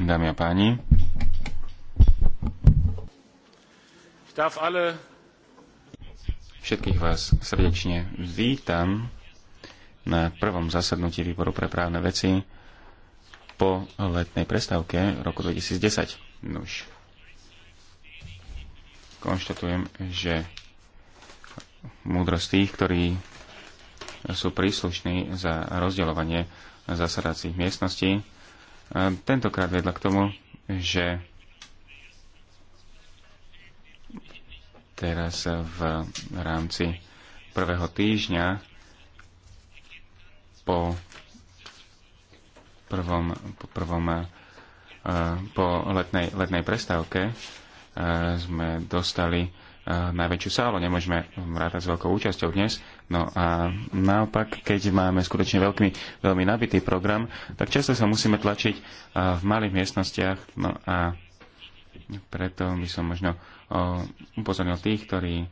Dámy a páni, všetkých vás srdečne vítam na prvom zasadnutí výboru pre právne veci po letnej prestávke roku 2010. Nuž. Konštatujem, že múdrosť tých, ktorí sú príslušní za rozdeľovanie zasadacích miestností. Tentokrát vedla k tomu, že teraz v rámci prvého týždňa po prvom, po, prvom, po letnej, letnej prestávke sme dostali najväčšiu sálu, nemôžeme rátať s veľkou účasťou dnes. No a naopak, keď máme skutočne veľký, veľmi nabitý program, tak často sa musíme tlačiť v malých miestnostiach. No a preto by som možno upozornil tých, ktorí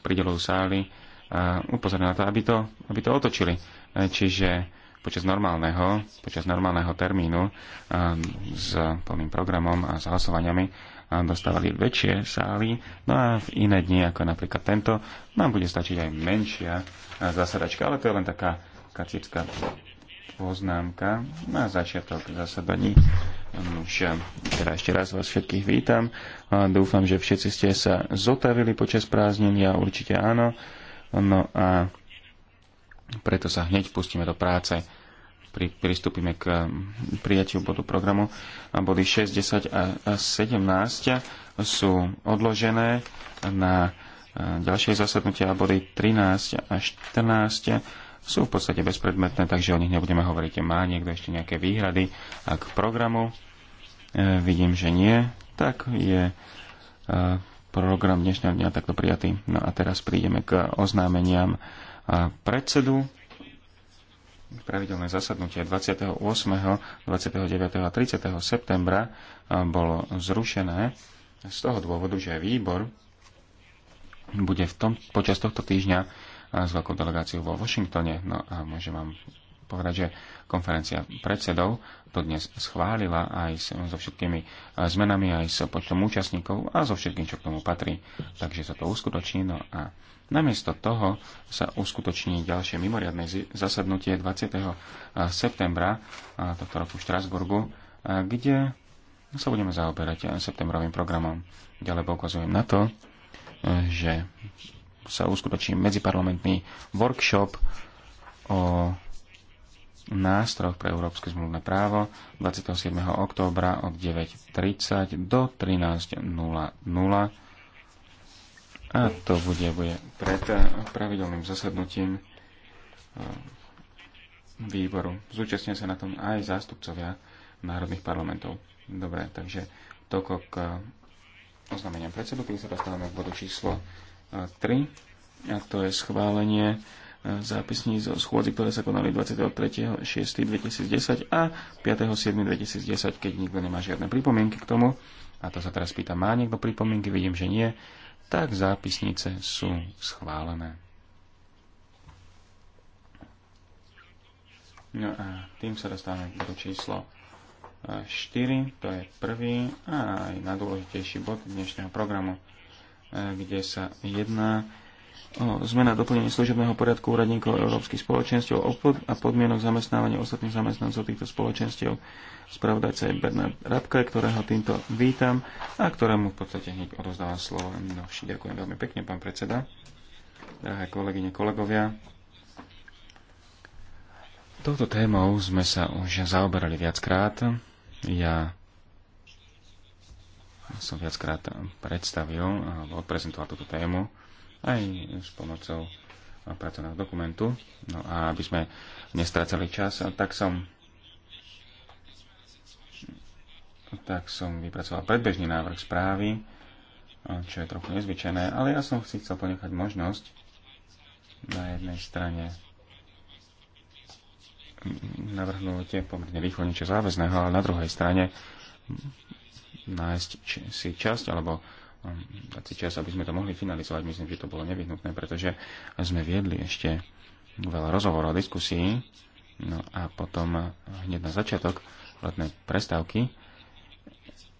pridelujú sály, upozornil na to, aby to, aby to otočili. Čiže počas normálneho, počas normálneho termínu s plným programom a s hlasovaniami dostávali väčšie sály, no a v iné dni, ako napríklad tento, nám bude stačiť aj menšia e, zasadačka, ale to je len taká kacická poznámka na začiatok zasadaní. Mm, už teda ešte raz vás všetkých vítam. A dúfam, že všetci ste sa zotavili počas prázdnin, ja určite áno. No a preto sa hneď pustíme do práce pri, pristúpime k um, prijatiu bodu programu. Body 6, 10 a 17 sú odložené na ďalšie zasadnutia a body 13 a 14 sú v podstate bezpredmetné, takže o nich nebudeme hovoriť. Má niekto ešte nejaké výhrady a k programu? E, vidím, že nie. Tak je e, program dnešného dňa takto prijatý. No a teraz prídeme k oznámeniam e, predsedu pravidelné zasadnutie 28., 29. a 30. septembra e, bolo zrušené z toho dôvodu, že výbor bude v tom, počas tohto týždňa e, s veľkou delegáciou vo Washingtone. No a môžem vám povedať, že konferencia predsedov to dnes schválila aj so všetkými e, zmenami, aj s so počtom účastníkov a so všetkým, čo k tomu patrí. Takže sa to uskutoční. No a namiesto toho sa uskutoční ďalšie mimoriadne zasadnutie 20. E, septembra e, tohto roku v Štrasburgu, kde sa budeme zaoberať septembrovým programom. Ďalej poukazujem na to, že sa uskutoční medziparlamentný workshop o nástroch pre európske zmluvné právo 27. októbra od 9.30 do 13.00 a to bude, bude pred pravidelným zasadnutím eh, výboru. Zúčastnia sa na tom aj zástupcovia národných parlamentov. Dobre, takže toľko k eh, oznameniam predsedu, tým sa dostávame k bodu číslo 3 eh, a to je schválenie zápisní zo schôdzi, ktoré sa konali 23.6.2010 a 5.7.2010, keď nikto nemá žiadne pripomienky k tomu. A to sa teraz pýta, má niekto pripomienky? Vidím, že nie. Tak zápisnice sú schválené. No a tým sa dostávame do číslo 4, to je prvý a aj najdôležitejší bod dnešného programu, kde sa jedná zmena doplnení služebného poriadku úradníkov Európskych spoločenstiev a podmienok zamestnávania ostatných zamestnancov týchto spoločenstiev. Spravodajca je Bernard Rabke, ktorého týmto vítam a ktorému v podstate hneď odozdávam slovo. No, ďakujem veľmi pekne, pán predseda. Drahé kolegyne, kolegovia. Touto témou sme sa už zaoberali viackrát. Ja som viackrát predstavil alebo odprezentoval túto tému aj s pomocou pracovného dokumentu. No a aby sme nestrácali čas, tak som tak som vypracoval predbežný návrh správy, čo je trochu nezvyčajné, ale ja som si chcel ponechať možnosť na jednej strane navrhnúť pomerne rýchlo niečo záväzného, ale na druhej strane nájsť si časť alebo Ehm, čas, aby sme to mohli finalizovať. Myslím, že to bolo nevyhnutné, pretože sme viedli ešte veľa rozhovorov a diskusí. No a potom eh, hneď na začiatok letnej prestávky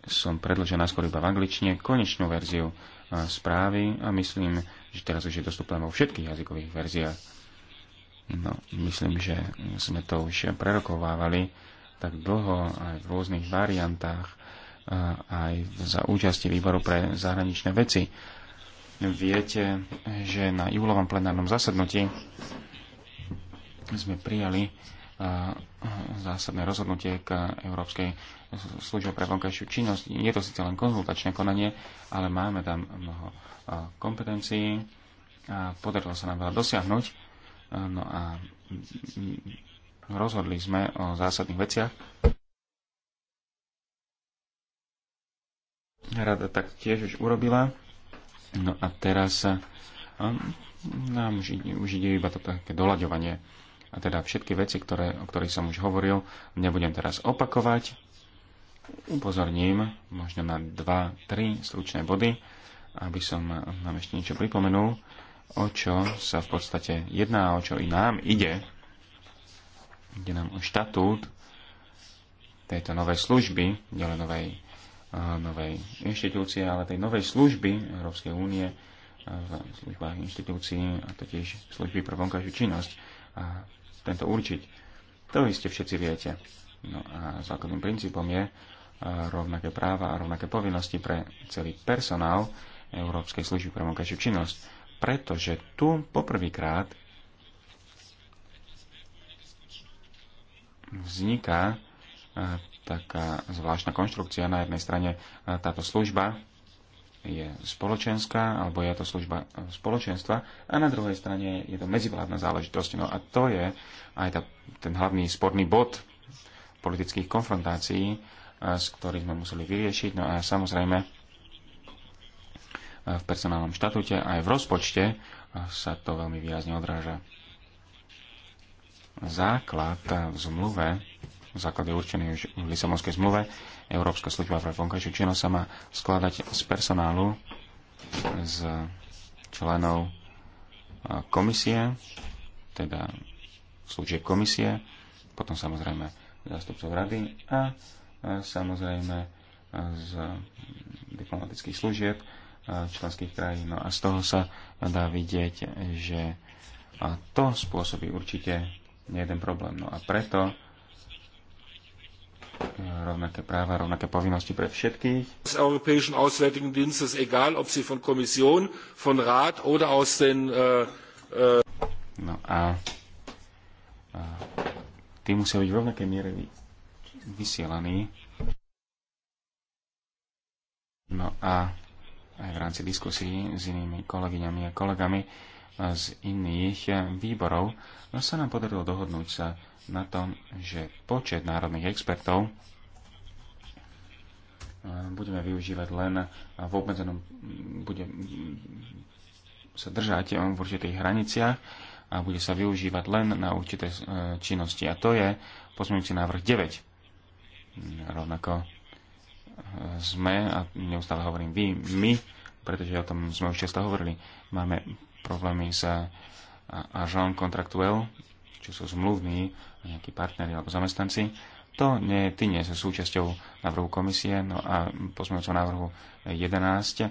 som predložil náskôr iba v angličtine konečnú verziu eh, správy a myslím, že teraz už je dostupná vo všetkých jazykových verziách. No, myslím, že sme to už prerokovávali tak dlho aj v rôznych variantách aj za účasti výboru pre zahraničné veci. Viete, že na júlovom plenárnom zasadnutí sme prijali zásadné rozhodnutie k Európskej službe pre vonkajšiu činnosť. Je to síce len konzultačné konanie, ale máme tam mnoho kompetencií a podarilo sa nám veľa dosiahnuť. No a rozhodli sme o zásadných veciach. Rada tak tiež už urobila. No a teraz um, nám už ide, už ide iba to také doľaďovanie. A teda všetky veci, ktoré, o ktorých som už hovoril, nebudem teraz opakovať. Upozorním možno na 2-3 stručné body, aby som nám ešte niečo pripomenul, o čo sa v podstate jedná a o čo i nám ide. Ide nám o štatút tejto novej služby, delenovej novej inštitúcie, ale tej novej služby Európskej únie v službách inštitúcií a totiž služby pre vonkajšiu činnosť a tento určiť. To iste všetci viete. No a základným princípom je rovnaké práva a rovnaké povinnosti pre celý personál Európskej služby pre vonkajšiu činnosť. Pretože tu poprvýkrát vzniká taká zvláštna konštrukcia. Na jednej strane e, táto služba je spoločenská, alebo je to služba e, spoločenstva, a na druhej strane je to medzivládna záležitosť. No a to je aj tá, ten hlavný sporný bod politických konfrontácií, z e, ktorých sme museli vyriešiť. No a samozrejme v personálnom štatúte aj v rozpočte sa to veľmi výrazne odráža. Základ v zmluve základe určený už v Lisabonskej zmluve. Európska služba pre vonkajšiu činnosť sa má skladať z personálu, z členov komisie, teda služieb komisie, potom samozrejme zástupcov rady a samozrejme z diplomatických služieb členských krajín. No a z toho sa dá vidieť, že to spôsobí určite nejeden problém. No a preto rovnaké práva, rovnaké povinnosti pre všetkých. Z Europäischen Auswärtigen Dienstes, egal ob sie von komisión, von Rat oder aus den... Uh, uh... No a, a tí musia byť v rovnakej miere vy, vysielaní. No a aj v rámci diskusí s inými kolegyňami a kolegami z iných eh, výborov no sa nám podarilo dohodnúť sa na tom, že počet národných expertov e, budeme využívať len v obmedzenom, bude sa držať v určitých hraniciach a bude sa využívať len na určité e, činnosti. A to je posmeňujúci návrh 9. Rovnako e, sme, a neustále hovorím vy, my, pretože o tom sme už často hovorili, máme problémy sa Jean contractuel, čo sú zmluvní nejakí partneri alebo zamestnanci, to nie, ty nie sú súčasťou návrhu komisie, no a pozmeňujúcom návrhu 11 eh,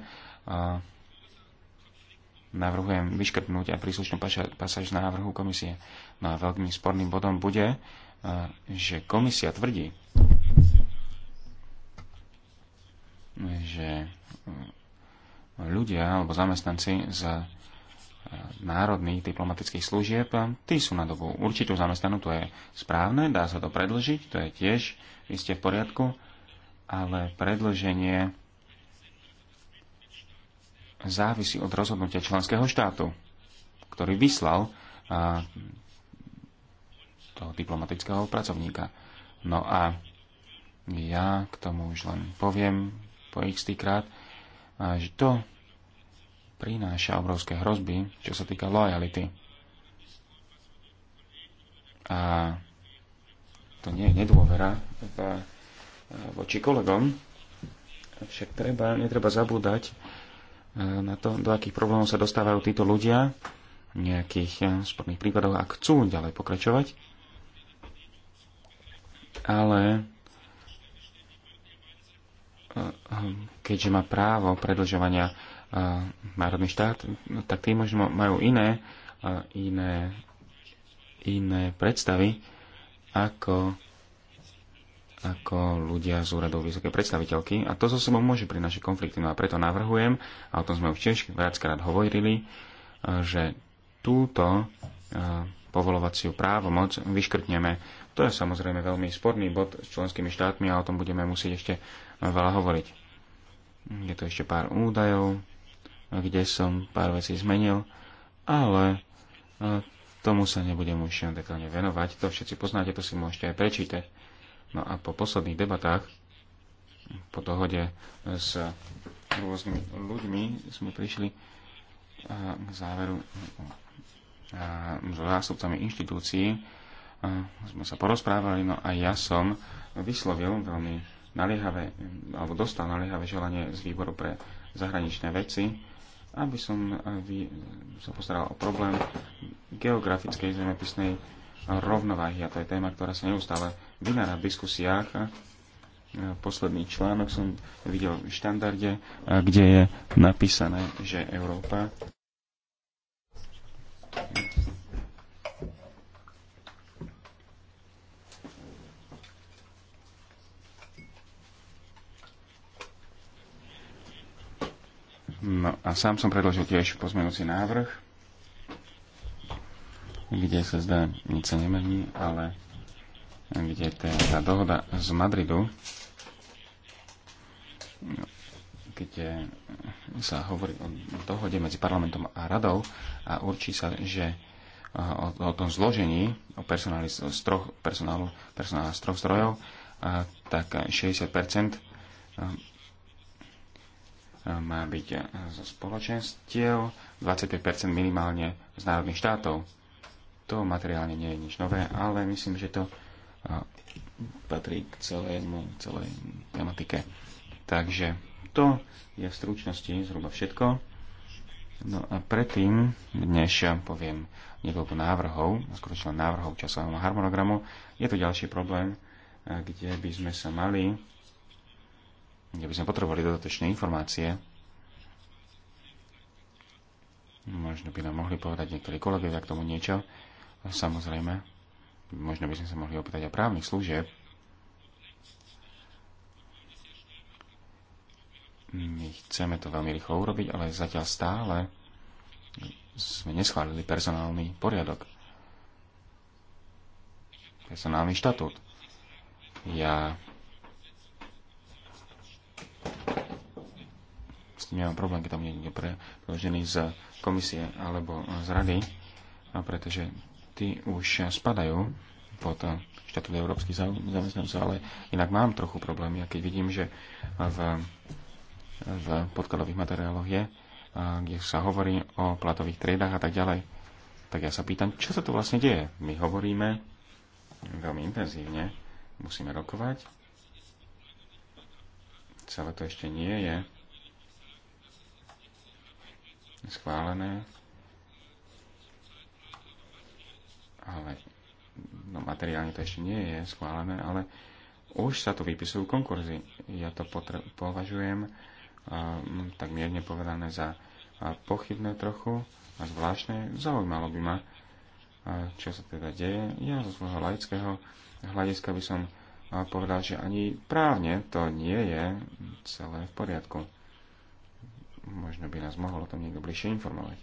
navrhujem vyškrtnúť aj príslušnú pasáž návrhu komisie. No a veľkým sporným bodom bude, eh, že komisia tvrdí, že mm, ľudia alebo zamestnanci za národných diplomatických služieb, tí sú na dobu určitú zamestnanú, to je správne, dá sa to predlžiť, to je tiež iste v poriadku, ale predlženie závisí od rozhodnutia členského štátu, ktorý vyslal a, toho diplomatického pracovníka. No a ja k tomu už len poviem po x krát, že to prináša obrovské hrozby, čo sa týka lojality. A to nie je nedôvera voči kolegom, však treba, netreba zabúdať e, na to, do akých problémov sa dostávajú títo ľudia v nejakých e, sporných prípadoch a chcú ďalej pokračovať. Ale e, keďže má právo predlžovania národný štát, no, tak tí možno majú iné, iné, iné predstavy ako, ako ľudia z úradov vysokej predstaviteľky a to zo sebou môže prinášať konflikty. No a preto navrhujem, a o tom sme už tiež viackrát hovorili, že túto povolovaciu právomoc vyškrtneme. To je samozrejme veľmi sporný bod s členskými štátmi a o tom budeme musieť ešte veľa hovoriť. Je to ešte pár údajov kde som pár vecí zmenil, ale e, tomu sa nebudem už detálne venovať. To všetci poznáte, to si môžete aj prečítať. No a po posledných debatách, po dohode s rôznymi ľuďmi, sme prišli e, k záveru e, s zástupcami inštitúcií, sme sa porozprávali, no a ja som vyslovil veľmi naliehavé, alebo dostal naliehavé želanie z výboru pre zahraničné veci, aby som eh, vy, sa postaral o problém geografickej zemepisnej rovnováhy. A to je téma, ktorá sa neustále vynára v diskusiách. Eh, posledný článok som videl v štandarde, eh, kde je napísané, že Európa No a sám som predložil tiež pozmenujúci návrh, kde sa zdá, nič sa nemení, ale kde tá, tá dohoda z Madridu, no, kde eh, sa hovorí o dohode medzi parlamentom a radou a určí sa, že eh, o, o tom zložení, o personáli z troch, personálu, personála z troch zdrojov, eh, tak 60 má byť e, zo spoločenstiev, 25% minimálne z národných štátov. To materiálne nie je nič nové, ale myslím, že to e, patrí k celému, celej tematike. Takže to je v stručnosti zhruba všetko. No a predtým, než poviem niekoľko návrhov, skutočne návrhov časového harmonogramu, je to ďalší problém, e, kde by sme sa mali kde by sme potrebovali dodatočné informácie. Možno by nám mohli povedať niektorí kolegovia k tomu niečo. Samozrejme, možno by sme sa mohli opýtať aj právnych služieb. My chceme to veľmi rýchlo urobiť, ale zatiaľ stále sme neschválili personálny poriadok. Personálny štatút. Ja s tým nemám problém, keď tam niekde je preložený z komisie alebo z rady, pretože tí už spadajú pod štatút európskych zamestnancov, ale inak mám trochu problémy a keď vidím, že v, v podkladových materiáloch je, kde sa hovorí o platových triedách a tak ďalej, tak ja sa pýtam, čo sa tu vlastne deje. My hovoríme veľmi intenzívne, musíme rokovať, celé to ešte nie je schválené, ale no materiálne to ešte nie je schválené, ale už sa tu vypisujú konkurzy. Ja to považujem tak mierne povedané za pochybné trochu a zvláštne. Zaujímalo by ma, čo sa teda deje. Ja zo svojho laického hľadiska by som a povedal, že ani právne to nie je celé v poriadku. Možno by nás mohol o tom niekto bližšie informovať.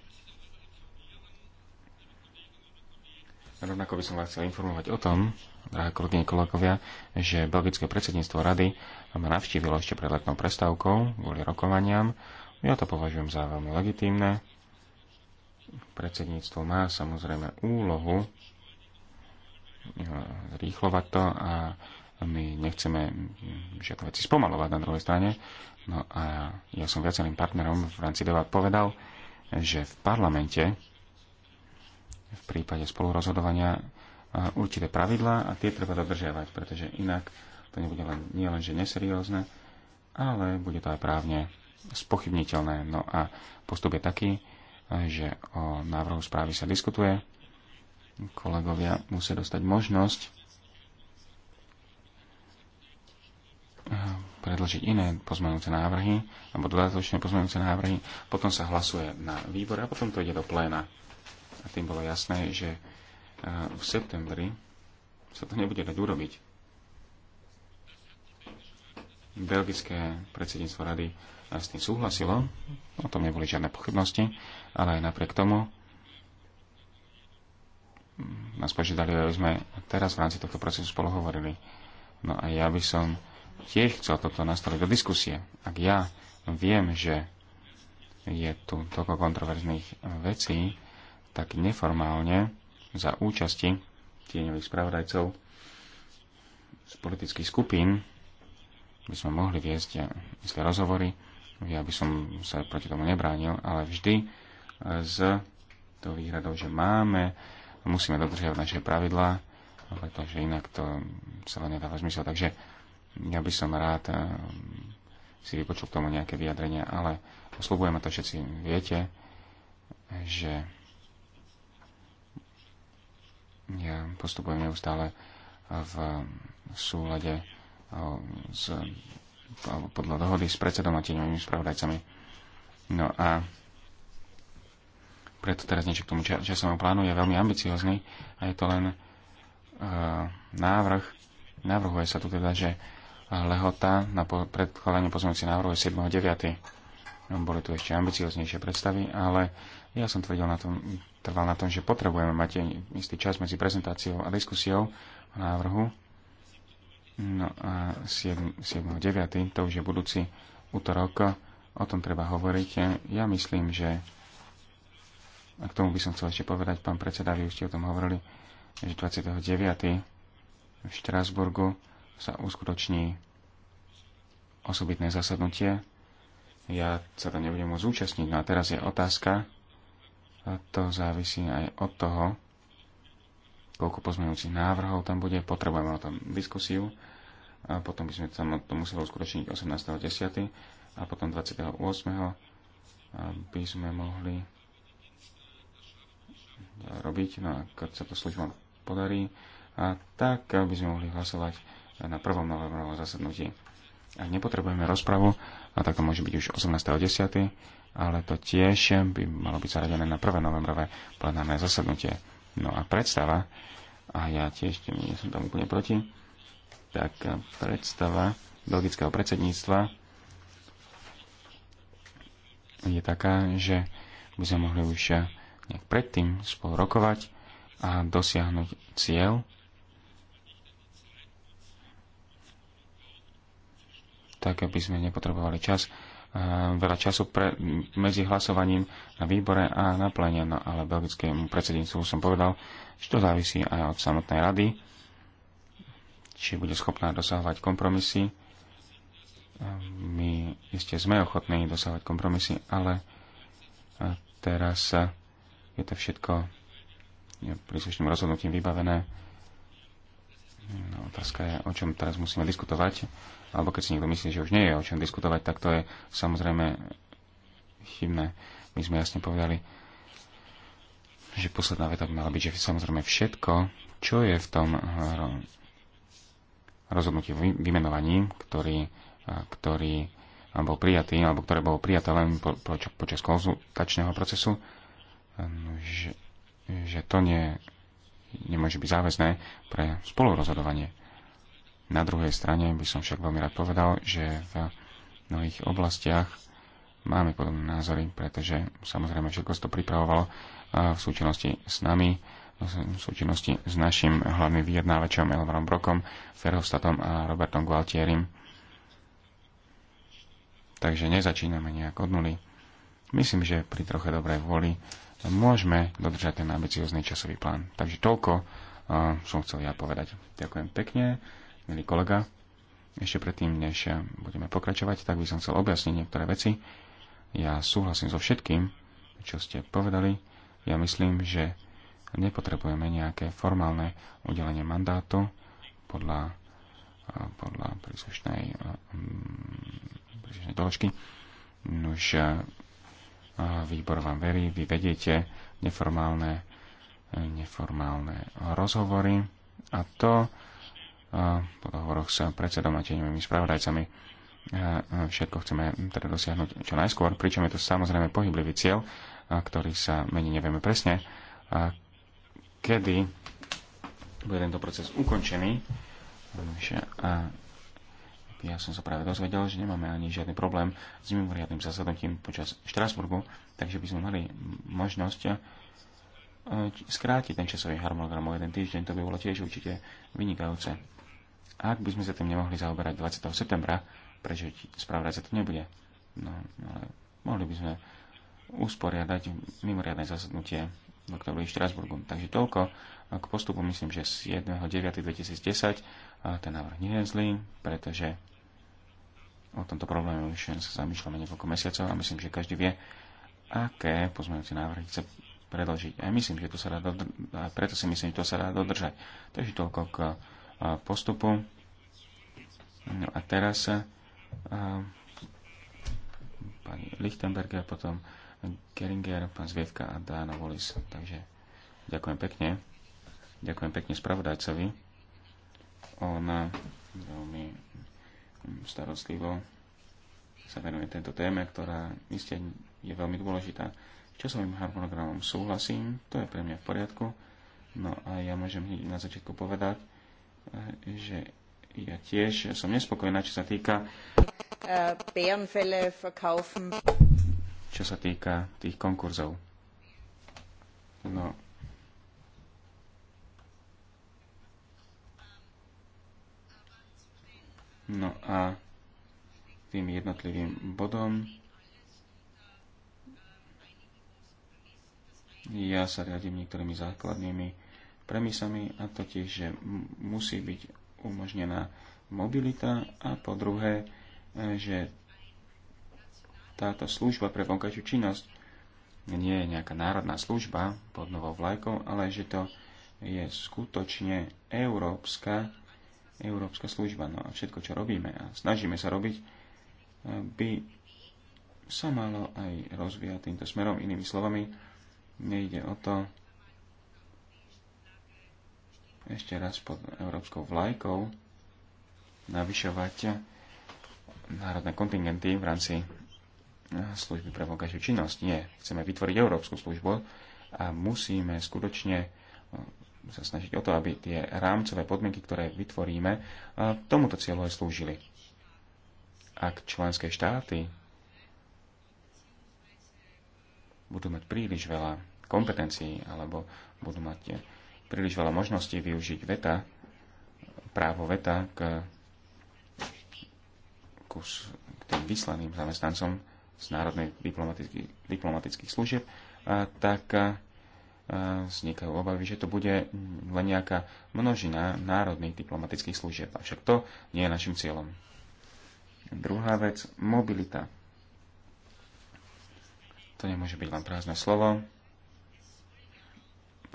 Rovnako by som vás chcel informovať o tom, drahé kolegyne kolegovia, že belgické predsedníctvo rady ma navštívilo ešte pred letnou prestávkou kvôli rokovaniam. Ja to považujem za veľmi legitímne. Predsedníctvo má samozrejme úlohu e, zrýchlovať to a my nechceme mm, žiadne veci spomalovať na druhej strane. No a ja som viacerým partnerom v rámci debat povedal, že v parlamente v prípade spolurozhodovania e, určité pravidlá a tie treba dodržiavať, pretože inak to nebude len, nie len, že neseriózne, ale bude to aj právne spochybniteľné. No a postup je taký, e, že o návrhu správy sa diskutuje. Kolegovia musia dostať možnosť predložiť iné pozmenujúce návrhy alebo dodatočné pozmenujúce návrhy, potom sa hlasuje na výbor a potom to ide do pléna. A tým bolo jasné, že e, v septembri sa to nebude dať urobiť. Belgické predsedníctvo rady s tým súhlasilo, o tom neboli žiadne pochybnosti, ale aj napriek tomu mm, nás požiadali, aby sme teraz v rámci tohto procesu spolu hovorili. No a ja by som tiež chcel toto nastaviť do diskusie. Ak ja viem, že je tu toľko kontroverzných vecí, tak neformálne za účasti tieňových spravodajcov z politických skupín by sme mohli viesť isté rozhovory. Ja by som sa proti tomu nebránil, ale vždy z tou výhradou, že máme, musíme dodržiavať naše pravidlá, pretože inak to sa len nedáva zmysel. Takže ja by som rád eh, si vypočul k tomu nejaké vyjadrenia, ale oslovujeme to všetci, viete, že ja postupujem neustále v súlade eh, s, podľa dohody s predsedom a tieňovými spravodajcami. No a preto teraz niečo k tomu časovému plánu je veľmi ambiciozný a je to len uh, návrh. Navrhuje sa tu teda, že lehota na predkladanie pozmeňujúcich návrhov je 7.9. Boli tu ešte ambicioznejšie predstavy, ale ja som tvrdil na tom, trval na tom, že potrebujeme mať istý čas medzi prezentáciou a diskusiou o návrhu. No a 7.9. to už je budúci útorok, o tom treba hovoriť. Ja myslím, že a k tomu by som chcel ešte povedať, pán predseda, vy už ste o tom hovorili, že 29. v Štrasburgu sa uskutoční osobitné zasadnutie. Ja sa to nebudem môcť zúčastniť. No a teraz je otázka, a to závisí aj od toho, koľko pozmeňujúcich návrhov tam bude. Potrebujeme o tom diskusiu. A potom by sme tam to museli uskutočniť 18.10. a potom 28. by sme mohli robiť. No a keď sa to služba podarí, a tak by sme mohli hlasovať na prvom novembrovom zasadnutí. Ak nepotrebujeme rozpravu, a tak môže byť už 18.10., ale to tiež by malo byť zaradené na 1. novembrové plenárne zasadnutie. No a predstava, a ja tiež nie som tam úplne proti, tak predstava belgického predsedníctva je taká, že by sme mohli už nejak predtým spolu rokovať a dosiahnuť cieľ, tak aby sme nepotrebovali čas, eh, veľa času pre, medzi hlasovaním na výbore a na plene. No ale belgickému predsedníctvu som povedal, že to závisí aj od samotnej rady, či bude schopná dosahovať kompromisy. Eh, my iste sme ochotní dosahovať kompromisy, ale eh, teraz je to všetko príslušným rozhodnutím vybavené No, otázka je, o čom teraz musíme diskutovať, alebo keď si niekto myslí, že už nie je o čom diskutovať, tak to je samozrejme chybné. My sme jasne povedali, že posledná veta by mala byť, že samozrejme všetko, čo je v tom rozhodnutí vymenovaní, ktorý, ktorý bol prijatý, alebo ktoré bolo prijaté len po, po, počas konzultačného procesu, ehm, že, že to nie nemôže byť záväzné pre spolurozhodovanie. Na druhej strane by som však veľmi rád povedal, že v mnohých oblastiach máme podobné názory, pretože samozrejme všetko to pripravovalo v súčinnosti s nami, v súčinnosti s našim hlavným vyjednávačom Elvarom Brokom, Ferhostatom a Robertom Gualtierim. Takže nezačíname nejak od nuly Myslím, že pri troche dobrej vôli môžeme dodržať ten ambiciózny časový plán. Takže toľko uh, som chcel ja povedať. Ďakujem pekne, milý kolega. Ešte predtým, než budeme pokračovať, tak by som chcel objasniť niektoré veci. Ja súhlasím so všetkým, čo ste povedali. Ja myslím, že nepotrebujeme nejaké formálne udelenie mandátu podľa, eh, podľa príslušnej, eh, mm, príslušnej doložky. Už Výbor vám verí, vy vediete neformálne, eh, neformálne rozhovory a to eh, po dohovoroch s predsedom a tieňovými spravodajcami eh, všetko chceme teda dosiahnuť čo najskôr, pričom je to samozrejme pohyblivý cieľ, ktorý sa mení nevieme presne, kedy bude tento proces ukončený ja som sa práve dozvedel, že nemáme ani žiadny problém s mimoriadným zasadnutím počas Štrásburgu, takže by sme mali možnosť e, skrátiť ten časový harmonogram o jeden týždeň, to by bolo tiež určite vynikajúce. Ak by sme sa tým nemohli zaoberať 20. septembra, prečo správať sa to nebude? No, ale mohli by sme usporiadať mimoriadne zasadnutie v oktobri v Štrasburgu. Takže toľko k postupu, myslím, že z 7.9.2010 ten návrh nie je zlý, pretože O tomto probléme už sa zamýšľame niekoľko mesiacov a myslím, že každý vie, aké pozmeňujúce návrhy chce predložiť. A myslím, že to sa dá dodr- a preto si myslím, že to sa dá dodržať. Takže toľko k postupu. No a teraz a, pani Lichtenberger, potom Geringer, pán Zvievka a Dána Wallis. Takže ďakujem pekne. Ďakujem pekne spravodajcovi. On veľmi starostlivo sa venuje tento téme, ktorá iste je veľmi dôležitá. Časovým harmonogramom súhlasím, to je pre mňa v poriadku. No a ja môžem hneď na začiatku povedať, eh, že ja tiež som nespokojná, čo sa týka eh, čo sa týka tých konkurzov. No, No a tým jednotlivým bodom ja sa riadím niektorými základnými premisami a totiž, že musí byť umožnená mobilita a po druhé, že táto služba pre vonkajšiu činnosť nie je nejaká národná služba pod novou vlajkou, ale že to je skutočne európska Európska služba. No a všetko, čo robíme a snažíme sa robiť, eh, by sa malo aj rozvíjať týmto smerom. Inými slovami, nejde o to ešte raz pod európskou vlajkou navyšovať národné kontingenty v rámci eh, služby pre vonkajšiu činnosť. Nie, chceme vytvoriť európsku službu a musíme skutočne sa snažiť o to, aby tie rámcové podmienky, ktoré vytvoríme, e, tomuto cieľu aj slúžili. Ak členské štáty budú mať príliš veľa kompetencií alebo budú mať príliš veľa možností využiť veta, právo veta k, k, k tým vyslaným zamestnancom z národnej diplomatických, diplomatických služieb, tak vznikajú obavy, že to bude len nejaká množina národných diplomatických služieb. Avšak to nie je našim cieľom. Druhá vec, mobilita. To nemôže byť len prázdne slovo.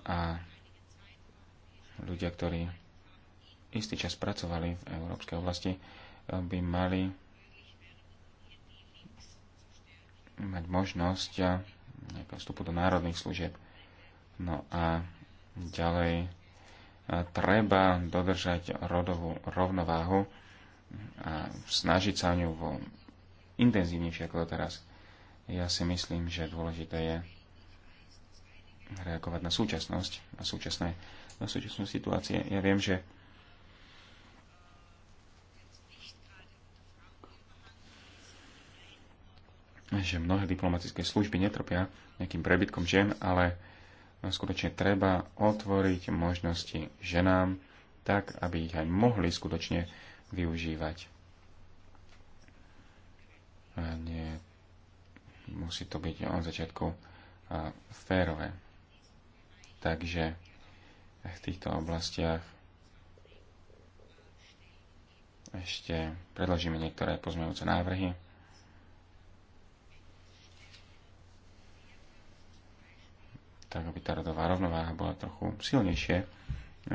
A ľudia, ktorí istý čas pracovali v európskej oblasti, by mali mať možnosť nejakého vstupu do národných služieb No a ďalej e, treba dodržať rodovú rovnováhu a snažiť sa o ňu vo intenzívnejšie ako teraz. Ja si myslím, že dôležité je reagovať na súčasnosť, na, súčasné, na súčasnú situácie. Ja viem, že že mnohé diplomatické služby netrpia nejakým prebytkom žien, ale skutočne treba otvoriť možnosti ženám, tak aby ich aj mohli skutočne využívať. A nie, musí to byť od začiatku férové. Takže v týchto oblastiach ešte predložíme niektoré pozmeňujúce návrhy tak aby tá rodová rovnováha bola trochu silnejšie eh,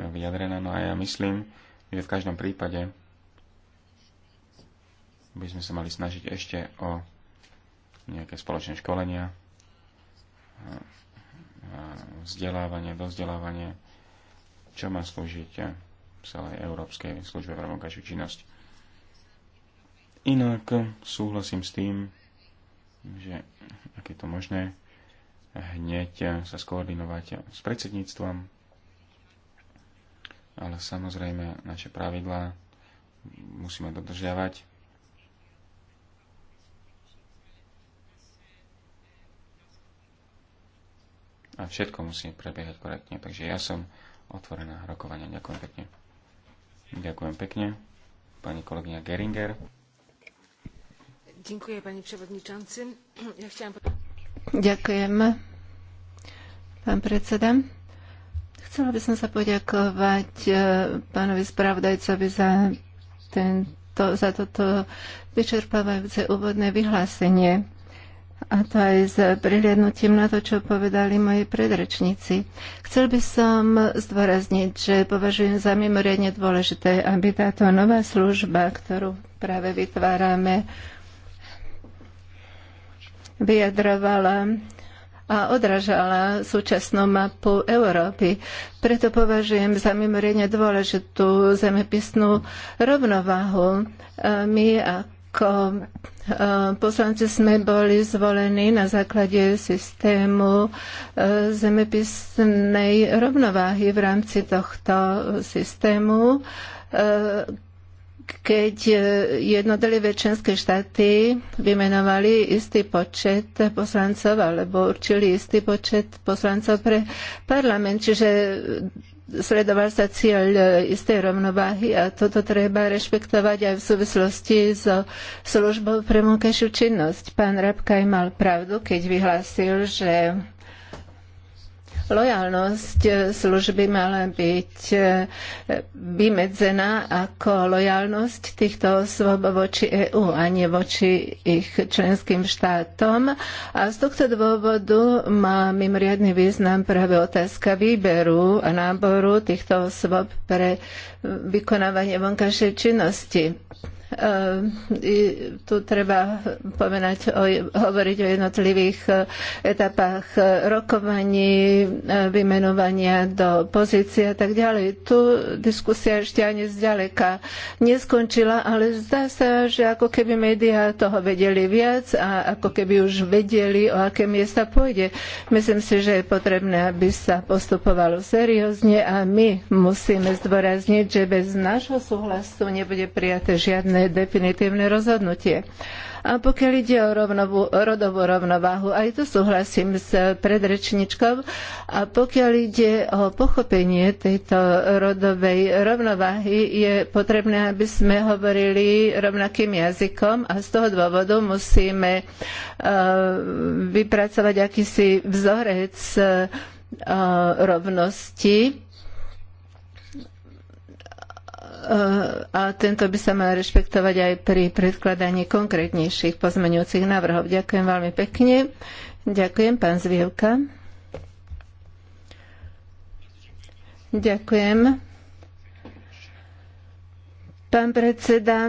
vyjadrená. No a ja myslím, že v každom prípade by sme sa mali snažiť ešte o nejaké spoločné školenia, eh, vzdelávanie, dozdelávanie, čo má slúžiť v eh, celej európskej službe pre vonkajšiu činnosť. Inak súhlasím s tým, že ak je to možné, hneď sa skoordinovať s predsedníctvom, ale samozrejme naše pravidlá musíme dodržiavať. A všetko musí prebiehať korektne, takže ja som otvorená rokovania. Ďakujem pekne. Ďakujem pekne. Pani kolegyňa Geringer. Ďakujem, pani przewodniczący. Ja chciałam... Ďakujem, pán predseda. Chcela by som sa poďakovať e, pánovi spravodajcovi za, tento, za toto vyčerpávajúce úvodné vyhlásenie. A to aj s prihliadnutím na to, čo povedali moji predrečníci. Chcel by som zdôrazniť, že považujem za mimoriadne dôležité, aby táto nová služba, ktorú práve vytvárame, vyjadrovala a odražala súčasnú mapu Európy. Preto považujem za mimoriadne dôležitú zemepisnú rovnováhu. My ako poslanci sme boli zvolení na základe systému zemepisnej rovnováhy v rámci tohto systému keď e, jednotlivé členské štáty vymenovali istý počet poslancov alebo určili istý počet poslancov pre parlament, čiže sledoval sa cieľ e, istej rovnováhy a toto treba rešpektovať aj v súvislosti so službou pre vonkajšiu činnosť. Pán Rabkaj mal pravdu, keď vyhlásil, že Lojalnosť služby mala byť eh, vymedzená ako lojalnosť týchto osôb voči EÚ a nie voči ich členským štátom. A z tohto dôvodu má mimoriadný význam práve otázka výberu a náboru týchto osôb pre vykonávanie vonkajšej činnosti. Ehm, tu treba povedať o, hovoriť o jednotlivých e, etapách e, rokovaní, e, vymenovania do pozície a tak ďalej. Tu diskusia ešte ani zďaleka neskončila, ale zdá sa, že ako keby médiá toho vedeli viac a ako keby už vedeli, o aké miesta pôjde. Myslím si, že je potrebné, aby sa postupovalo seriózne a my musíme zdôrazniť, že bez nášho súhlasu nebude prijaté žiadne žiadne definitívne rozhodnutie. A pokiaľ ide o rovnovú, rodovú rovnováhu, aj tu súhlasím s predrečničkou. A pokiaľ ide o pochopenie tejto rodovej rovnováhy, je potrebné, aby sme hovorili rovnakým jazykom a z toho dôvodu musíme e, vypracovať akýsi vzorec e, rovnosti a tento by sa mal rešpektovať aj pri predkladaní konkrétnejších pozmeňujúcich návrhov. Ďakujem veľmi pekne. Ďakujem, pán Zvievka. Ďakujem. Pán predseda,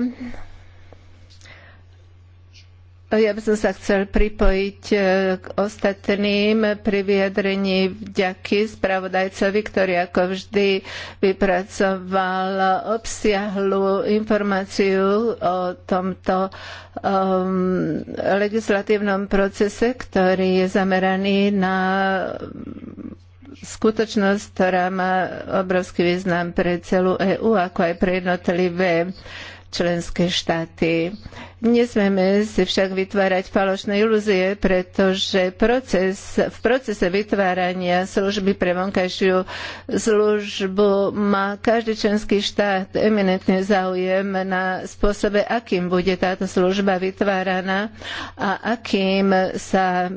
ja by som sa chcel pripojiť e, k ostatným pri vyjadrení vďaky spravodajcovi, ktorý ako vždy vypracoval obsiahlu informáciu o tomto um, legislatívnom procese, ktorý je zameraný na skutočnosť, ktorá má obrovský význam pre celú EÚ, ako aj pre jednotlivé uh, členské štáty. Nesmieme si však vytvárať falošné ilúzie, pretože proces, v procese vytvárania služby pre vonkajšiu službu má každý členský štát eminentný záujem na spôsobe, akým bude táto služba vytváraná a akým sa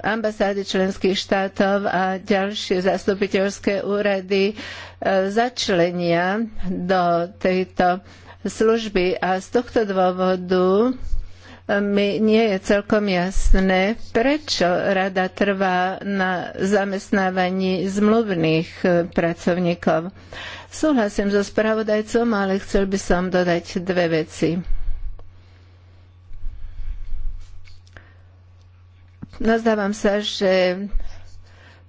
ambasády členských štátov a ďalšie zastupiteľské úrady e, začlenia do tejto služby. A z tohto dôvodu mi nie je celkom jasné, prečo rada trvá na zamestnávaní zmluvných eh, pracovníkov. Súhlasím so spravodajcom, ale chcel by som dodať dve veci. Nazdávam sa, že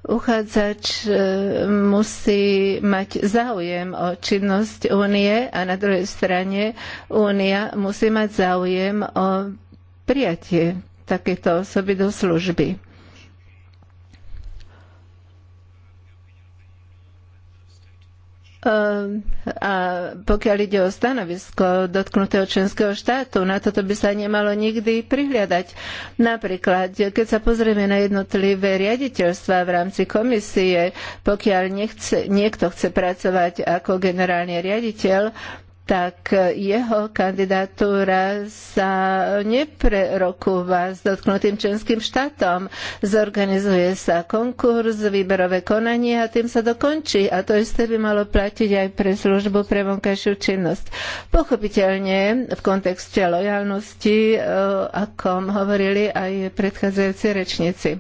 uchádzač e, musí mať záujem o činnosť únie a na druhej strane únia musí mať záujem o prijatie takéto osoby do služby. Ehm, a pokiaľ ide o stanovisko dotknutého členského štátu, na toto by sa nemalo nikdy prihliadať. Napríklad, keď sa pozrieme na jednotlivé riaditeľstva v rámci komisie, pokiaľ nechce, niekto chce pracovať ako generálny riaditeľ, tak jeho kandidatúra sa neprerokúva s dotknutým členským štátom. Zorganizuje sa konkurs, výberové konanie a tým sa dokončí. A to isté by malo platiť aj pre službu pre vonkajšiu činnosť. Pochopiteľne v kontexte lojalnosti, e, o hovorili aj predchádzajúci rečníci.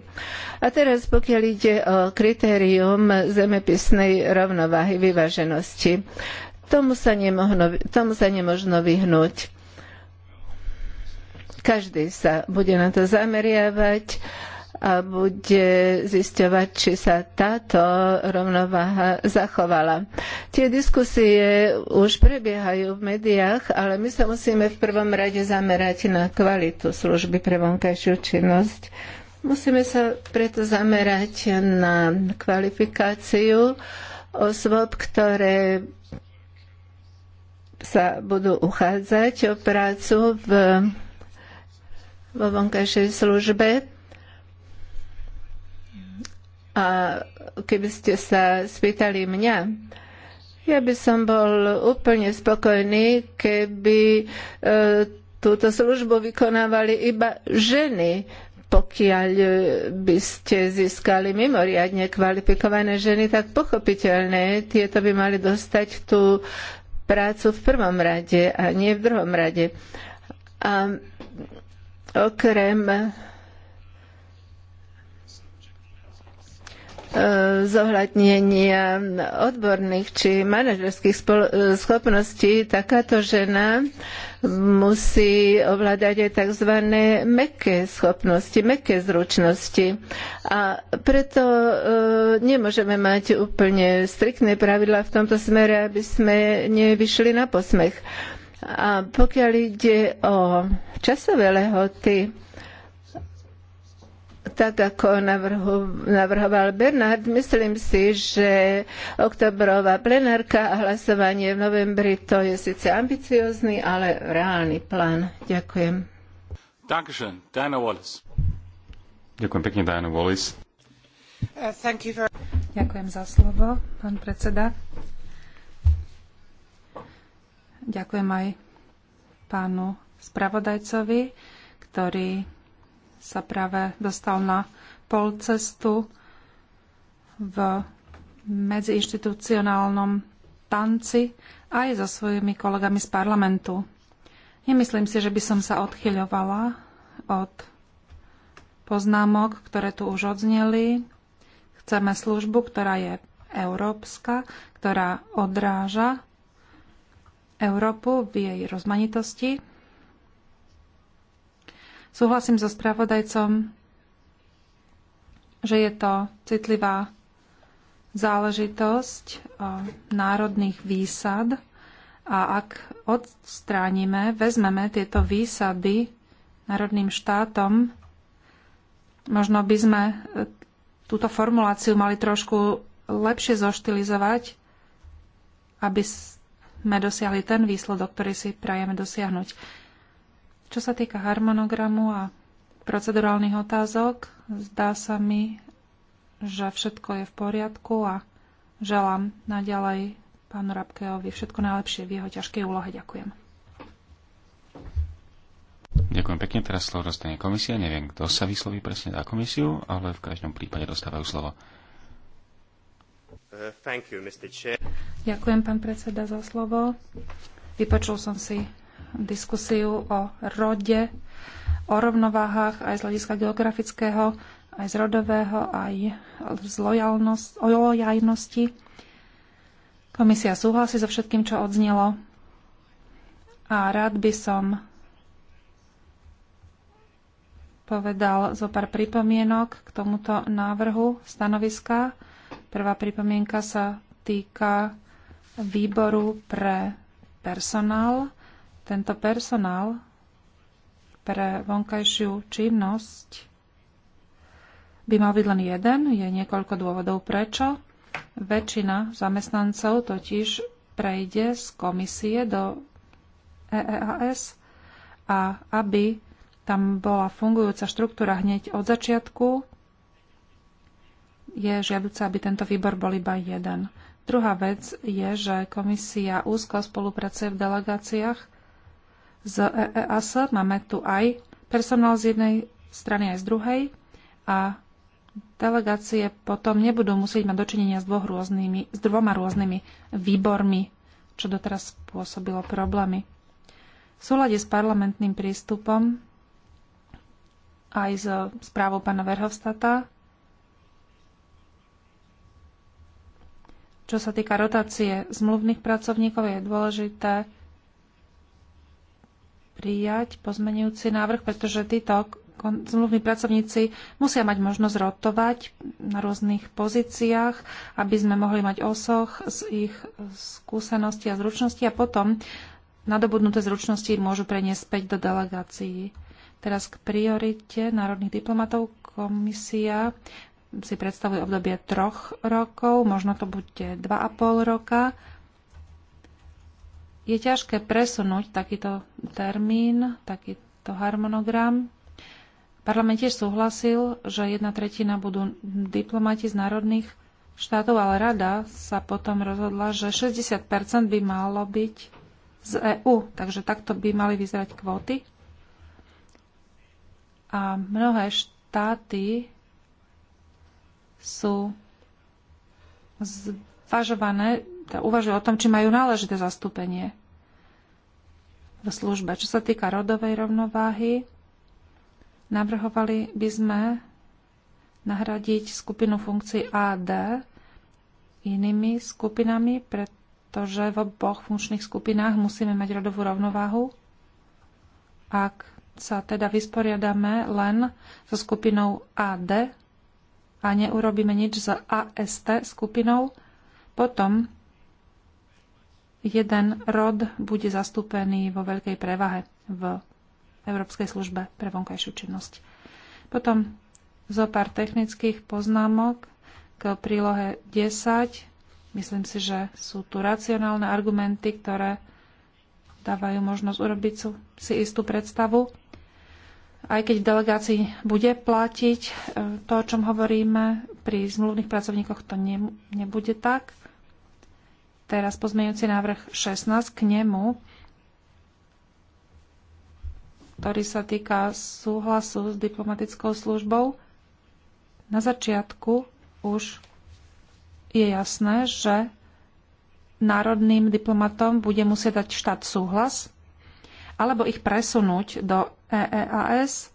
A teraz pokiaľ ide o kritérium zemepisnej rovnováhy, vyváženosti. Tomu sa, nemohno, tomu sa nemožno vyhnúť. Každý sa bude na to zameriavať a bude zisťovať, či sa táto rovnováha zachovala. Tie diskusie už prebiehajú v médiách, ale my sa musíme v prvom rade zamerať na kvalitu služby pre vonkajšiu činnosť. Musíme sa preto zamerať na kvalifikáciu osôb, ktoré sa budú uchádzať o prácu v, vo vonkajšej službe. A keby ste sa spýtali mňa, ja by som bol úplne spokojný, keby e, túto službu vykonávali iba ženy, pokiaľ by ste získali mimoriadne kvalifikované ženy, tak pochopiteľné, tieto by mali dostať tú prácu v prvom rade a nie v druhom rade. A okrem e, zohľadnenia odborných či manažerských e, schopností takáto žena musí ovládať aj tzv. meké schopnosti, meké zručnosti. A preto e, nemôžeme mať úplne striktné pravidlá v tomto smere, aby sme nevyšli na posmech. A pokiaľ ide o časové lehoty, tak ako navrhu, navrhoval Bernard, myslím si, že oktobrová plenárka a hlasovanie v novembri to je síce ambiciózny, ale reálny plán. Ďakujem. Diana Wallace. Ďakujem pekne, Diana Uh, for... Ďakujem za slovo, pán predseda. Ďakujem aj pánu spravodajcovi, ktorý sa práve dostal na polcestu v medziinstitucionálnom tanci aj so svojimi kolegami z parlamentu. Nemyslím si, že by som sa odchyľovala od poznámok, ktoré tu už odzneli. Chceme službu, ktorá je európska, ktorá odráža Európu v jej rozmanitosti, Súhlasím so spravodajcom, že je to citlivá záležitosť e, národných výsad a ak odstránime, vezmeme tieto výsady národným štátom, možno by sme e, túto formuláciu mali trošku lepšie zoštilizovať, aby sme dosiahli ten výsledok, ktorý si prajeme dosiahnuť. Čo sa týka harmonogramu a procedurálnych otázok, zdá sa mi, že všetko je v poriadku a želám naďalej pánu Rabkeovi všetko najlepšie v jeho ťažkej úlohe. Ďakujem. Ďakujem pekne. Teraz slovo dostane komisia. Neviem, kto sa vysloví presne za komisiu, ale v každom prípade dostávajú slovo. Uh, Ďakujem, pán predseda, za slovo. Vypočul som si diskusiu o rode, o rovnováhach aj z hľadiska geografického, aj z rodového, aj z lojajnosti. Komisia súhlasí so všetkým, čo odznelo. A rád by som povedal zo pár pripomienok k tomuto návrhu stanoviska. Prvá pripomienka sa týka výboru pre personál. Tento personál pre vonkajšiu činnosť by mal byť len jeden. Je niekoľko dôvodov prečo. Väčšina zamestnancov totiž prejde z komisie do EEAS a aby tam bola fungujúca štruktúra hneď od začiatku, je žiaduce, aby tento výbor bol iba jeden. Druhá vec je, že komisia úzko spolupracuje v delegáciách z EEAS. Máme tu aj personál z jednej strany aj z druhej a delegácie potom nebudú musieť mať dočinenia s, dvoch rôznymi, s dvoma rôznymi výbormi, čo doteraz spôsobilo problémy. V súlade s parlamentným prístupom aj s správou pána Verhofstata, čo sa týka rotácie zmluvných pracovníkov, je dôležité prijať pozmenujúci návrh, pretože títo zmluvní pracovníci musia mať možnosť rotovať na rôznych pozíciách, aby sme mohli mať osoch z ich skúsenosti a zručnosti a potom nadobudnuté zručnosti môžu preniesť späť do delegácií. Teraz k priorite národných diplomatov komisia si predstavuje obdobie troch rokov, možno to bude pol roka je ťažké presunúť takýto termín, takýto harmonogram. Parlament tiež súhlasil, že jedna tretina budú diplomati z národných štátov, ale rada sa potom rozhodla, že 60 by malo byť z EÚ. Takže takto by mali vyzerať kvóty. A mnohé štáty sú zvažované, uvažujú o tom, či majú náležité zastúpenie v službe. Čo sa týka rodovej rovnováhy, navrhovali by sme nahradiť skupinu funkcií AD inými skupinami, pretože v oboch funkčných skupinách musíme mať rodovú rovnováhu. Ak sa teda vysporiadame len so skupinou AD a neurobíme nič s AST skupinou, potom jeden rod bude zastúpený vo veľkej prevahe v Európskej službe pre vonkajšiu činnosť. Potom zo pár technických poznámok k prílohe 10. Myslím si, že sú tu racionálne argumenty, ktoré dávajú možnosť urobiť si istú predstavu. Aj keď v delegácii bude platiť e, to, o čom hovoríme, pri zmluvných pracovníkoch to ne, nebude tak. Teraz pozmeňujúci návrh 16 k nemu, ktorý sa týka súhlasu s diplomatickou službou. Na začiatku už je jasné, že národným diplomatom bude musieť dať štát súhlas alebo ich presunúť do EEAS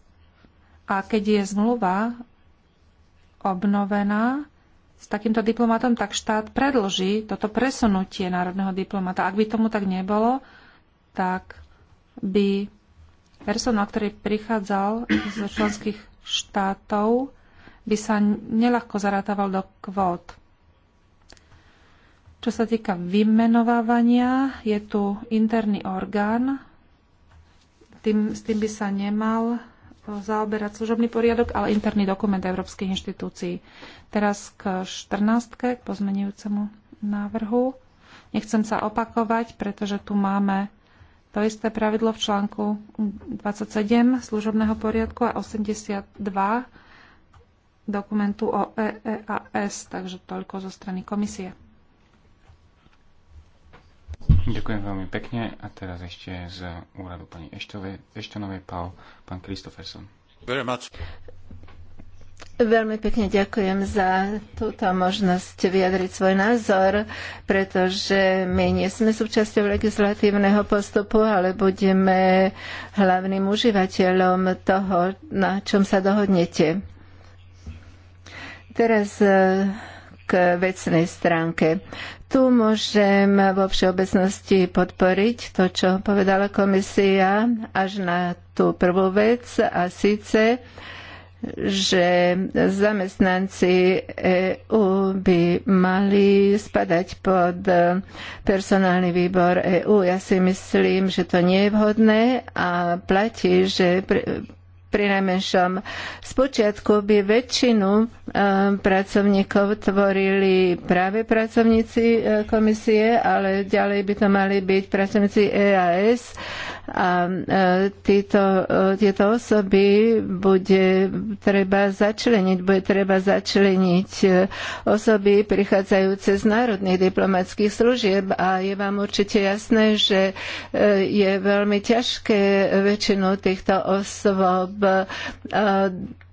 a keď je zmluva obnovená, s takýmto diplomatom, tak štát predlží toto presunutie národného diplomata. Ak by tomu tak nebolo, tak by personál, ktorý prichádzal zo členských štátov, by sa nelahko zarátával do kvót. Čo sa týka vymenovávania, je tu interný orgán. Tým, s tým by sa nemal zaoberať služobný poriadok, ale interný dokument Európskej inštitúcií. Teraz k 14. k pozmenujúcemu návrhu. Nechcem sa opakovať, pretože tu máme to isté pravidlo v článku 27 služobného poriadku a 82 dokumentu o EEAS, takže toľko zo strany komisie. Ďakujem veľmi pekne a teraz ešte z úradu pani Eštonovej pán, pán Kristofferson. Veľmi pekne ďakujem za túto možnosť vyjadriť svoj názor, pretože my nie sme súčasťou legislatívneho postupu, ale budeme hlavným užívateľom toho, na čom sa dohodnete. Teraz eh, k vecnej stránke. Tu môžem vo všeobecnosti podporiť to, čo povedala komisia až na tú prvú vec a síce, že zamestnanci EU by mali spadať pod personálny výbor EU. Ja si myslím, že to nie je vhodné a platí, že pri najmenšom. Spočiatku by väčšinu e, pracovníkov tvorili práve pracovníci e, komisie, ale ďalej by to mali byť pracovníci EAS a e, tieto, e, tieto osoby bude treba začleniť, bude treba začleniť e, osoby prichádzajúce z národných diplomatických služieb a je vám určite jasné, že je veľmi ťažké väčšinu týchto osôb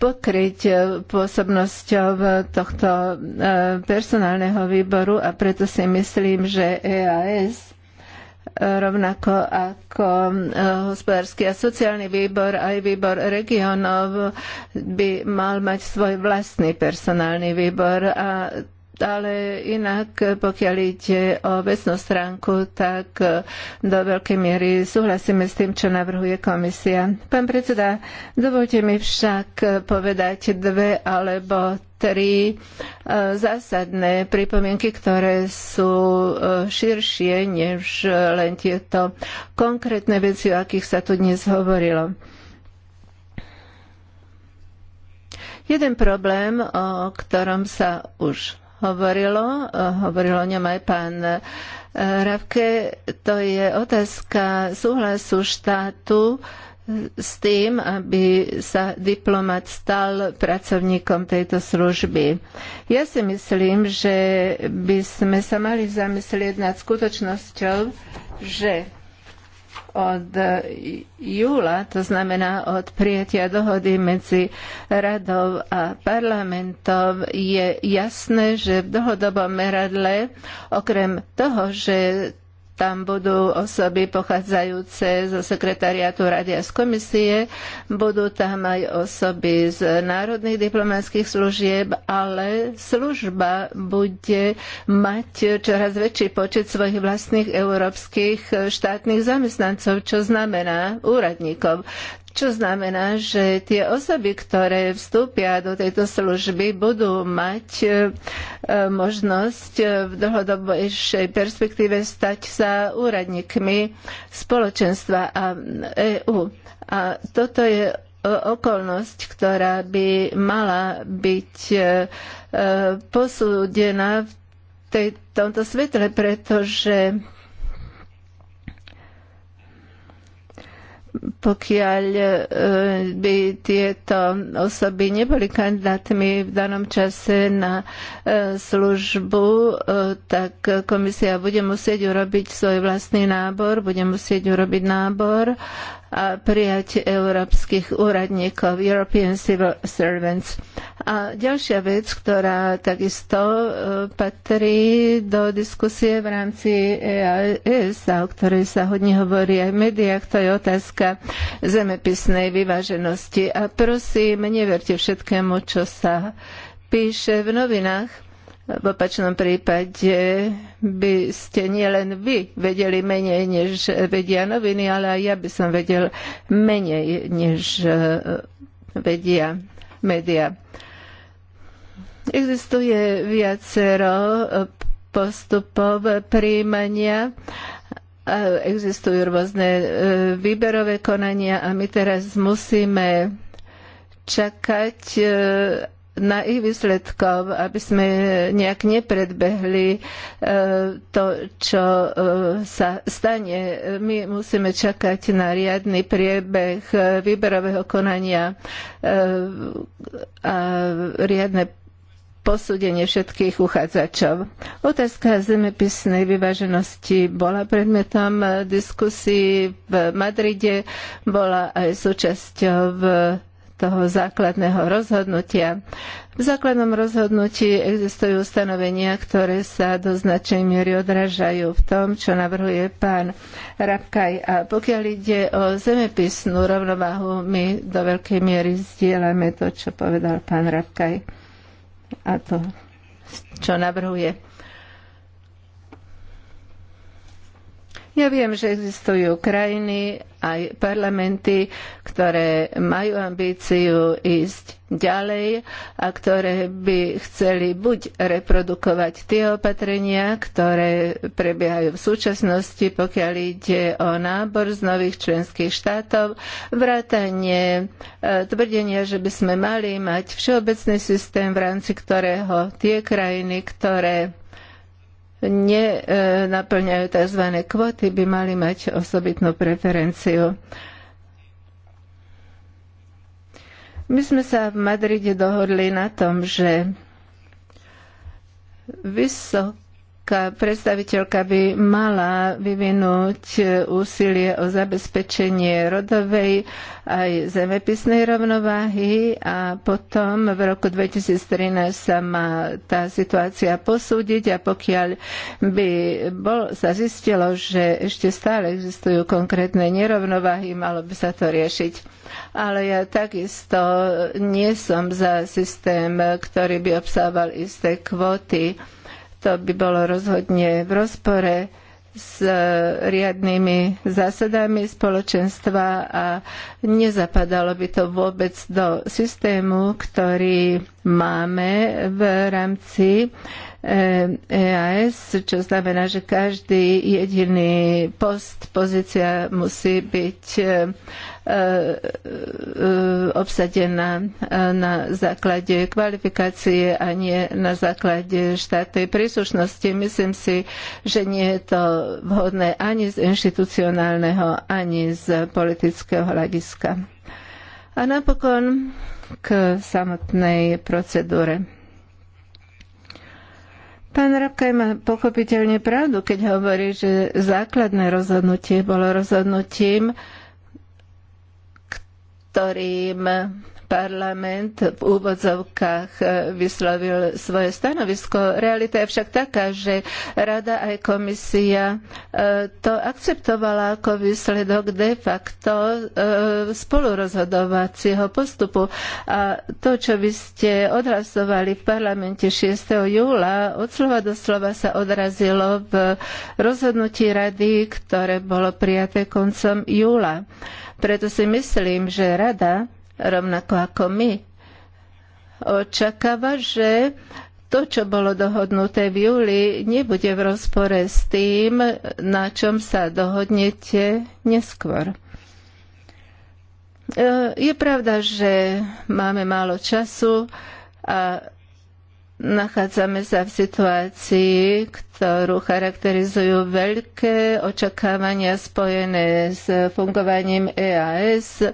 pokryť pôsobnosťou tohto personálneho výboru a preto si myslím, že EAS rovnako ako e, hospodársky a sociálny výbor, aj výbor regionov by mal mať svoj vlastný personálny výbor a ale inak, pokiaľ ide o vecnú stránku, tak do veľkej miery súhlasíme s tým, čo navrhuje komisia. Pán predseda, dovolte mi však povedať dve alebo tri e, zásadné pripomienky, ktoré sú e, širšie než len tieto konkrétne veci, o akých sa tu dnes hovorilo. Jeden problém, o ktorom sa už hovorilo, hovoril o ňom aj pán e, Ravke, to je otázka súhlasu štátu e, s tým, aby sa diplomat stal pracovníkom tejto služby. Ja si myslím, že by sme sa mali zamyslieť nad skutočnosťou, že od júla, to znamená od prijatia dohody medzi radou a parlamentom, je jasné, že v dlhodobom meradle, okrem toho, že tam budú osoby pochádzajúce zo sekretariátu Rady a z komisie, budú tam aj osoby z národných diplomatických služieb, ale služba bude mať čoraz väčší počet svojich vlastných európskych štátnych zamestnancov, čo znamená úradníkov. Čo znamená, že tie osoby, ktoré vstúpia do tejto služby, budú mať e, e, možnosť e, v dlhodobejšej perspektíve stať sa úradníkmi spoločenstva a EÚ. A toto je okolnosť, ktorá by mala byť posúdená v tej, tomto svetle, pretože pokiaľ e, by tieto osoby neboli kandidátmi v danom čase na e, službu, e, tak komisia bude musieť urobiť svoj vlastný nábor, bude musieť urobiť nábor a prijať európskych úradníkov, European Civil Servants. A ďalšia vec, ktorá takisto e, patrí do diskusie v rámci EAS, a o ktorej sa hodne hovorí aj v médiách, to je otázka zemepisnej vyváženosti. A prosím, neverte všetkému, čo sa píše v novinách v opačnom prípade by ste nielen vy vedeli menej, než vedia noviny, ale aj ja by som vedel menej, než e, vedia média. Existuje viacero postupov príjmania e, existujú rôzne e, výberové konania a my teraz musíme čakať, na ich výsledkov, aby sme nejak nepredbehli e, to, čo e, sa stane. My musíme čakať na riadny priebeh výberového konania e, a riadne posúdenie všetkých uchádzačov. Otázka zemepisnej vyváženosti bola predmetom diskusí v Madride, bola aj súčasťou v toho základného rozhodnutia. V základnom rozhodnutí existujú ustanovenia, ktoré sa do značnej miery odrážajú v tom, čo navrhuje pán Rabkaj. A pokiaľ ide o zemepisnú rovnováhu, my do veľkej miery zdieľame to, čo povedal pán Rabkaj a to, čo navrhuje. Ja viem, že existujú krajiny, aj parlamenty, ktoré majú ambíciu ísť ďalej a ktoré by chceli buď reprodukovať tie opatrenia, ktoré prebiehajú v súčasnosti, pokiaľ ide o nábor z nových členských štátov, vrátanie e, tvrdenia, že by sme mali mať všeobecný systém, v rámci ktorého tie krajiny, ktoré nenaplňajú tzv. kvoty, by mali mať osobitnú preferenciu. My sme sa v Madride dohodli na tom, že vysok Európska predstaviteľka by mala vyvinúť úsilie o zabezpečenie rodovej aj zemepisnej rovnováhy a potom v roku 2013 sa má tá situácia posúdiť a pokiaľ by bol, sa zistilo, že ešte stále existujú konkrétne nerovnováhy, malo by sa to riešiť. Ale ja takisto nie som za systém, ktorý by obsával isté kvóty to by bolo rozhodne v rozpore s e, riadnymi zásadami spoločenstva a nezapadalo by to vôbec do systému, ktorý máme v rámci EAS, e čo znamená, že každý jediný post, pozícia musí byť e, E, e, obsadená e, na základe kvalifikácie a nie na základe štátnej príslušnosti. Myslím si, že nie je to vhodné ani z inštitucionálneho, ani z politického hľadiska. A napokon k samotnej procedúre. Pán Rabkaj má pochopiteľne pravdu, keď hovorí, že základné rozhodnutie bolo rozhodnutím, ktorým parlament v úvodzovkách e, vyslovil svoje stanovisko. Realita je však taká, že rada aj komisia e, to akceptovala ako výsledok de facto e, spolurozhodovacieho postupu. A to, čo vy ste odhlasovali v parlamente 6. júla, od slova do slova sa odrazilo v rozhodnutí rady, ktoré bolo prijaté koncom júla. Preto si myslím, že rada, rovnako ako my, očakáva, že to, čo bolo dohodnuté v júli, nebude v rozpore s tým, na čom sa dohodnete neskôr. E, je pravda, že máme málo času a Nachádzame sa v situácii, ktorú charakterizujú veľké očakávania spojené s fungovaním EAS. E,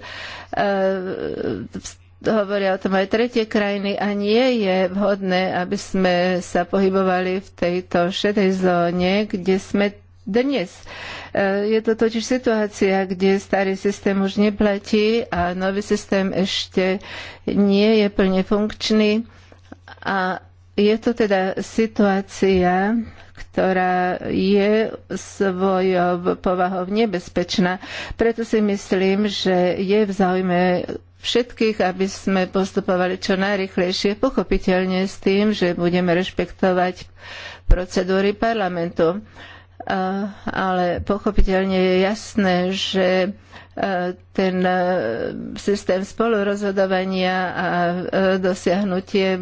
hovoria o tom aj tretie krajiny a nie je vhodné, aby sme sa pohybovali v tejto šedej zóne, kde sme dnes. E, je to totiž situácia, kde starý systém už neplatí a nový systém ešte nie je plne funkčný a je to teda situácia, ktorá je svojou povahou nebezpečná. Preto si myslím, že je v záujme všetkých, aby sme postupovali čo najrychlejšie, pochopiteľne s tým, že budeme rešpektovať procedúry parlamentu ale pochopiteľne je jasné, že e, ten e, systém spolurozhodovania a e, dosiahnutie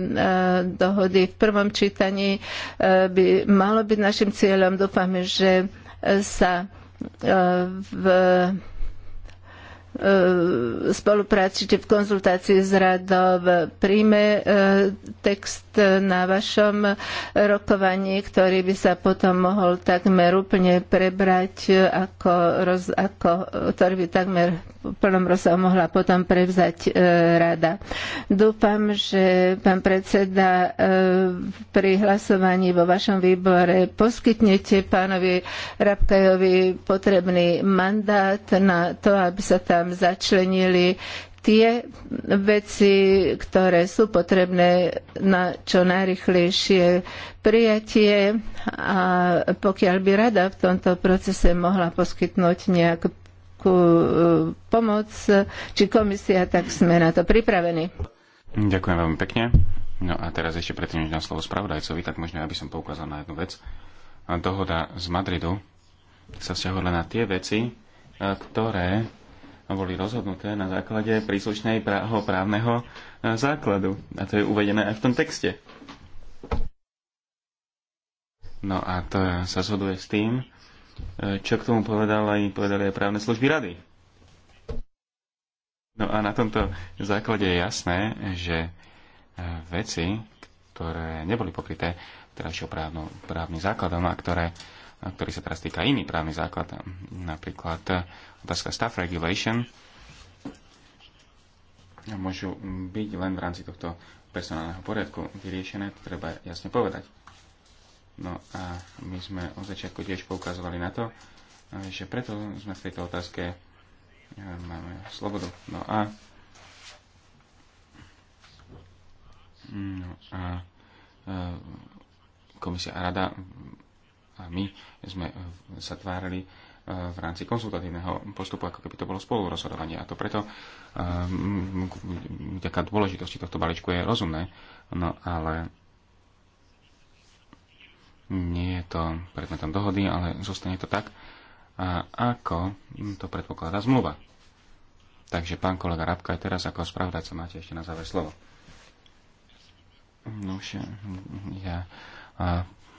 dohody v prvom čítaní by malo byť našim cieľom. Dúfame, že sa v E, spolupráci či v konzultácii s radou príjme e, text na vašom rokovaní, ktorý by sa potom mohol takmer úplne prebrať, ako, roz, ako ktorý by takmer v plnom rozsahu mohla potom prevzať e, rada. Dúfam, že pán predseda pri hlasovaní vo vašom výbore poskytnete pánovi Rabkajovi potrebný mandát na to, aby sa tam tam začlenili tie veci, ktoré sú potrebné na čo najrychlejšie prijatie a pokiaľ by rada v tomto procese mohla poskytnúť nejakú e, pomoc či komisia, tak sme na to pripravení. Ďakujem veľmi pekne. No a teraz ešte predtým, než na slovo spravodajcovi, tak možno ja by som poukázal na jednu vec. Dohoda z Madridu sa vzťahovala na tie veci, e, ktoré boli rozhodnuté na základe príslušnej práho právneho e, základu. A to je uvedené aj v tom texte. No a to sa zhoduje s tým, e, čo k tomu povedal aj, povedali aj právne služby rady. No a na tomto základe je jasné, že e, veci, ktoré neboli pokryté terajšou právnym základom a ktoré, a ktorý sa teraz týka iný právny základ, napríklad otázka staff regulation, môžu byť len v rámci tohto personálneho poriadku vyriešené, to treba jasne povedať. No a my sme od začiatku tiež poukazovali na to, že preto sme v tejto otázke e, máme slobodu. No a, no a e, komisia a rada a my sme sa tvárali, v rámci konzultatívneho postupu, ako keby to bolo spolurozhodovanie. A to preto ehm, vďaka um, dôležitosti tohto balíčku je rozumné, no ale nie je to predmetom dohody, ale zostane to tak, a ako to predpokladá zmluva. Takže pán kolega Rabka, aj teraz ako spravodajca máte ešte na záver slovo. No už ja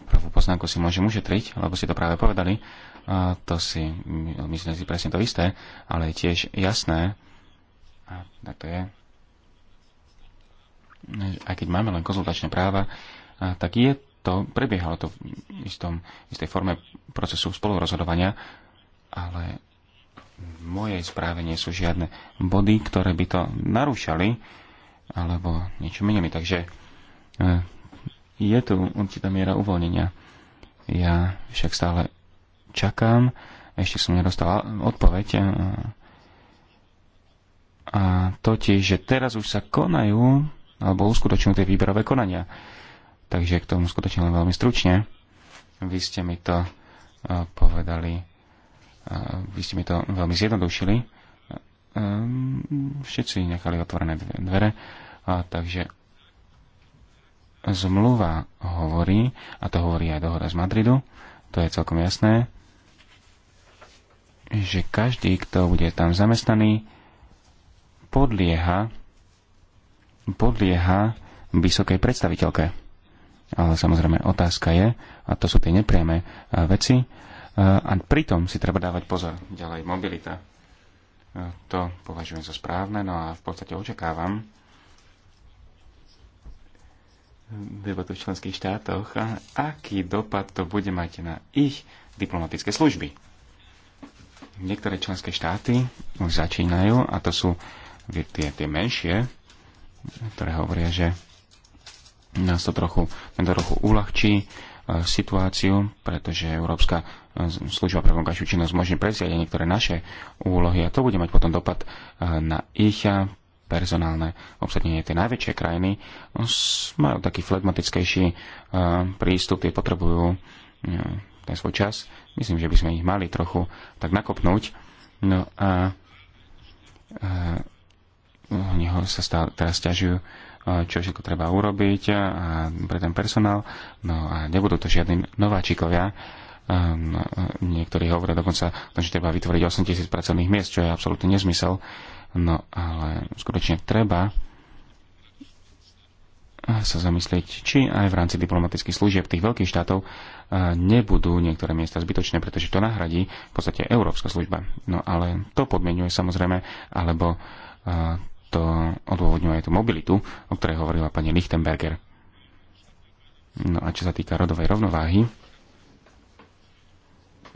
prvú poznámku si môžem ušetriť, lebo ste to práve povedali. A to si, myslím si presne to isté, ale je tiež jasné, a tak to je, aj keď máme len konzultačné práva, a tak je to, prebiehalo to v istom, istej forme procesu spolurozhodovania, ale v mojej správe nie sú žiadne body, ktoré by to narúšali alebo niečo menili. Takže e, je tu určitá miera uvoľnenia. Ja však stále čakám. Ešte som nedostal odpoveď. A totiž, že teraz už sa konajú alebo uskutočnú tie výberové konania. Takže k tomu skutočne len veľmi stručne. Vy ste mi to e, povedali, e, vy ste mi to veľmi zjednodušili. E, všetci nechali otvorené dvere, takže zmluva hovorí, a to hovorí aj dohoda z Madridu, to je celkom jasné, že každý, kto bude tam zamestnaný, podlieha, podlieha vysokej predstaviteľke. Ale samozrejme otázka je, a to sú tie nepriame e, veci, e, a pritom si treba dávať pozor. Ďalej mobilita. E, to považujem za správne, no a v podstate očakávam debatu v členských štátoch, aký dopad to bude mať na ich diplomatické služby. Niektoré členské štáty už začínajú, a to sú tie, tie menšie, ktoré hovoria, že nás to trochu, to trochu uľahčí e, situáciu, pretože Európska e, služba pre vonkajšiu činnosť môže prevziať aj niektoré naše úlohy a to bude mať potom dopad e, na ich personálne obsadenie. Tie najväčšie krajiny majú taký flegmatickejší prístup, tie potrebujú ten svoj čas Myslím, že by sme ich mali trochu tak nakopnúť. No a, ho sa stále, teraz ťažujú čo všetko treba urobiť a pre ten personál. No a nebudú to žiadni nováčikovia. Ehm, niektorí hovoria dokonca, no, že treba vytvoriť 8 tisíc pracovných miest, čo je absolútne nezmysel. No ale skutočne treba sa zamyslieť, či aj v rámci diplomatických služieb tých veľkých štátov nebudú niektoré miesta zbytočné, pretože to nahradí v podstate Európska služba. No ale to podmienuje samozrejme, alebo to odôvodňuje aj tú mobilitu, o ktorej hovorila pani Lichtenberger. No a čo sa týka rodovej rovnováhy,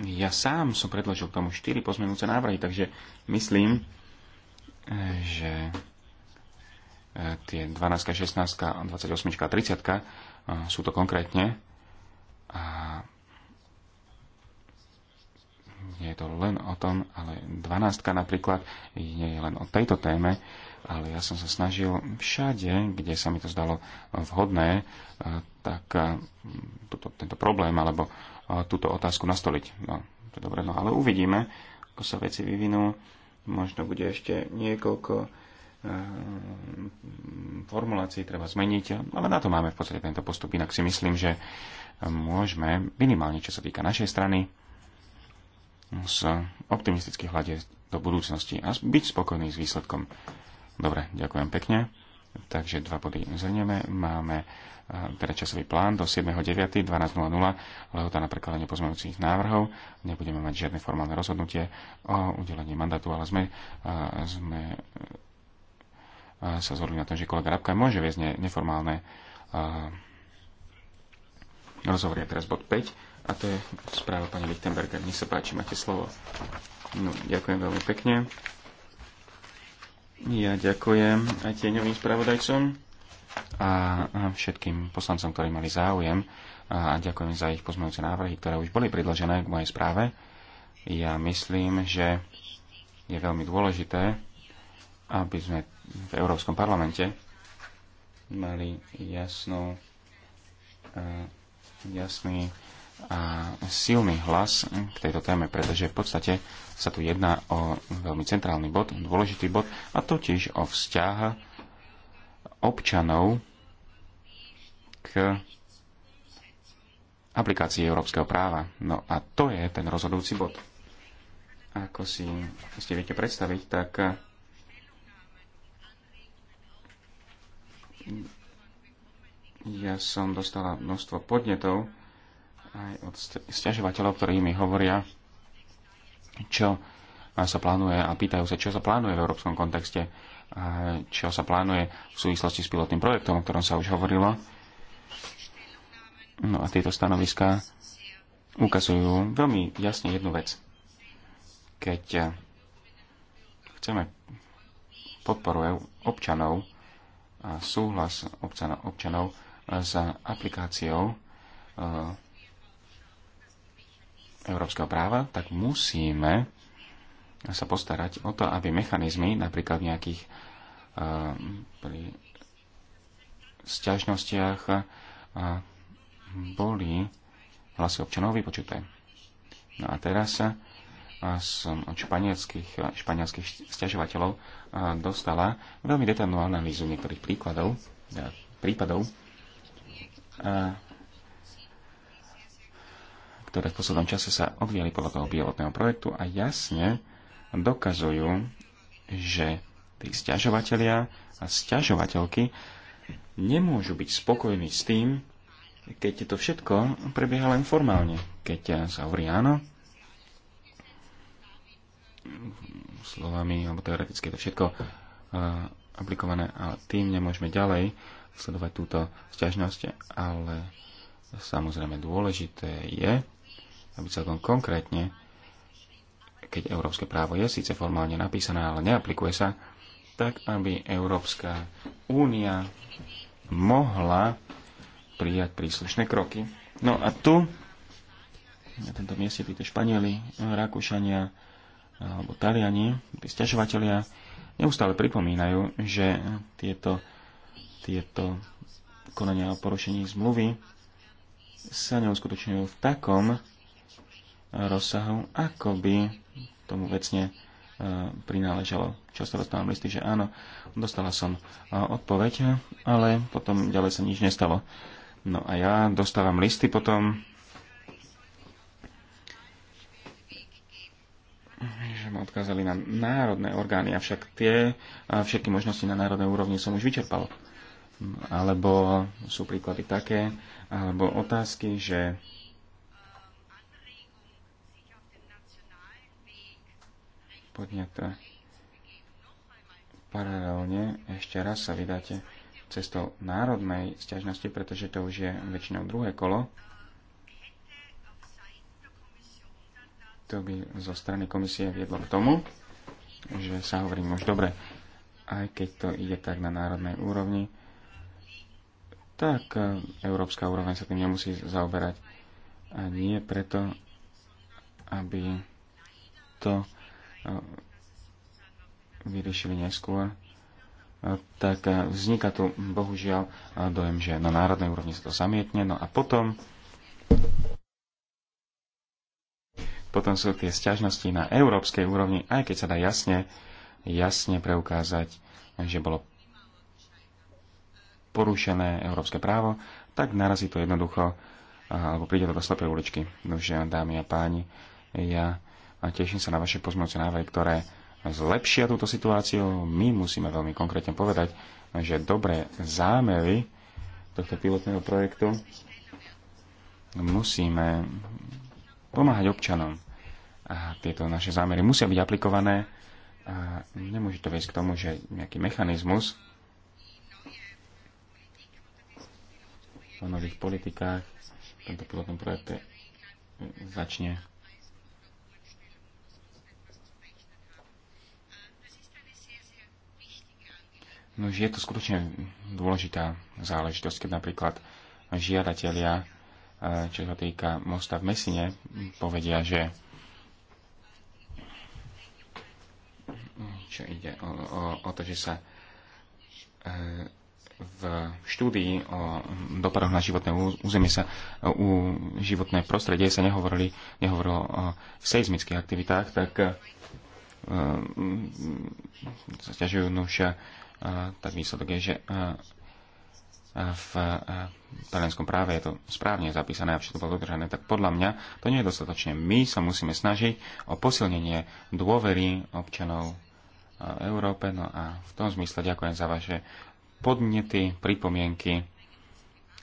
ja sám som predložil k tomu 4 pozmenujúce návrhy, takže myslím, že e, tie 12, 16, 28 a 30 e, sú to konkrétne a nie je to len o tom, ale 12 napríklad nie je len o tejto téme, ale ja som sa snažil všade, kde sa mi to zdalo vhodné, e, tak e, tuto, tento problém alebo e, túto otázku nastoliť. No, to dobre, no ale uvidíme, ako sa veci vyvinú. Možno bude ešte niekoľko Ehm, formulácii treba zmeniť, ale na to máme v podstate tento postup. Inak si myslím, že môžeme minimálne, čo sa týka našej strany, z optimistických hľadie do budúcnosti a byť spokojný s výsledkom. Dobre, ďakujem pekne. Takže dva body zhrnieme. Máme eh, teda časový plán do 7.9.12.00 lehota na prekladanie pozmeňujúcich návrhov. Nebudeme mať žiadne formálne rozhodnutie o udelení mandátu, ale sme, eh, sme sa zhodli na tom, že kolega Rabka môže viesť neformálne rozhovory. A teraz bod 5, a to je správa pani Lichtenberger. Nech sa páči, máte slovo. No, ďakujem veľmi pekne. Ja ďakujem aj tieňovým spravodajcom a všetkým poslancom, ktorí mali záujem a ďakujem za ich pozmeňujúce návrhy, ktoré už boli predložené k mojej správe. Ja myslím, že je veľmi dôležité, aby sme v Európskom parlamente mali jasnú, e, jasný a silný hlas k tejto téme, pretože v podstate sa tu jedná o veľmi centrálny bod, dôležitý bod, a totiž o vzťah občanov k aplikácii európskeho práva. No a to je ten rozhodujúci bod. Ako si ste viete predstaviť, tak ja som dostala množstvo podnetov aj od stiažovateľov, ktorí mi hovoria, čo sa plánuje a pýtajú sa, čo sa plánuje v európskom kontexte, čo sa plánuje v súvislosti s pilotným projektom, o ktorom sa už hovorilo. No a tieto stanoviská ukazujú veľmi jasne jednu vec. Keď chceme podporu občanov, a súhlas občanov, občanov s aplikáciou eh, európskeho práva, tak musíme sa postarať o to, aby mechanizmy, napríklad v nejakých e, pri sťažnostiach uh, boli hlasy občanov vypočuté. No a teraz som od španielských, španielských stiažovateľov dostala veľmi detailnú analýzu niektorých príkladov, prípadov, ktoré v poslednom čase sa odvíjali podľa toho pilotného projektu a jasne dokazujú, že tí stiažovateľia a stiažovateľky nemôžu byť spokojní s tým, keď to všetko prebieha len formálne. Keď sa hovorí áno, slovami alebo teoreticky to všetko eh, aplikované, ale tým nemôžeme ďalej sledovať túto sťažnosť, ale samozrejme dôležité je, aby celkom konkrétne, keď európske právo je síce formálne napísané, ale neaplikuje sa, tak aby Európska únia mohla prijať príslušné kroky. No a tu, na tomto mieste títo Španieli, Rakúšania, alebo Taliani, stiažovateľia, neustále pripomínajú, že tieto, tieto konania o porušení zmluvy sa neuskutočňujú v takom rozsahu, ako by tomu vecne e, prináležalo. Často dostávam listy, že áno, dostala som e, odpoveď, ale potom ďalej sa nič nestalo. No a ja dostávam listy potom ma odkázali na národné orgány, avšak tie, všetky možnosti na národnej úrovni som už vyčerpal. Mm, alebo sú príklady také, alebo otázky, že podňata paralelne ešte raz sa vydáte cestou národnej sťažnosti, pretože to už je väčšinou druhé kolo. to by zo strany komisie viedlo k tomu, že sa hovorím už dobre, aj keď to ide tak na národnej úrovni, tak e, európska úroveň sa tým nemusí zaoberať. A nie preto, aby to e, vyriešili neskôr, e, tak vzniká tu bohužiaľ dojem, že na národnej úrovni sa to zamietne, no a potom Potom sú tie sťažnosti na európskej úrovni, aj keď sa dá jasne, jasne preukázať, že bolo porušené európske právo, tak narazí to jednoducho, alebo príde to do slepej uličky. Nože, dámy a páni, ja teším sa na vaše pozmeňujúce návrhy, ktoré zlepšia túto situáciu. My musíme veľmi konkrétne povedať, že dobré zámery tohto pilotného projektu musíme pomáhať občanom. A tieto naše zámery musia byť aplikované a nemôže to viesť k tomu, že nejaký mechanizmus o nových politikách v tomto pilotnom projekte začne No, je to skutočne dôležitá záležitosť, keď napríklad žiadatelia čo sa týka mosta v Mesine, povedia, že čo ide o, o, o to, že sa e, v štúdii o dopadoch na životné územie sa u životné prostredie sa nehovorili, nehovorilo o seizmických aktivitách, tak e, ťažujú, nuša, tak výsledok je, že v eh, talianskom práve je to správne zapísané a všetko bolo dodržané, tak podľa mňa to nie je dostatočne. My sa musíme snažiť o posilnenie dôvery občanov eh, Európe. No a v tom zmysle ďakujem za vaše podnety, pripomienky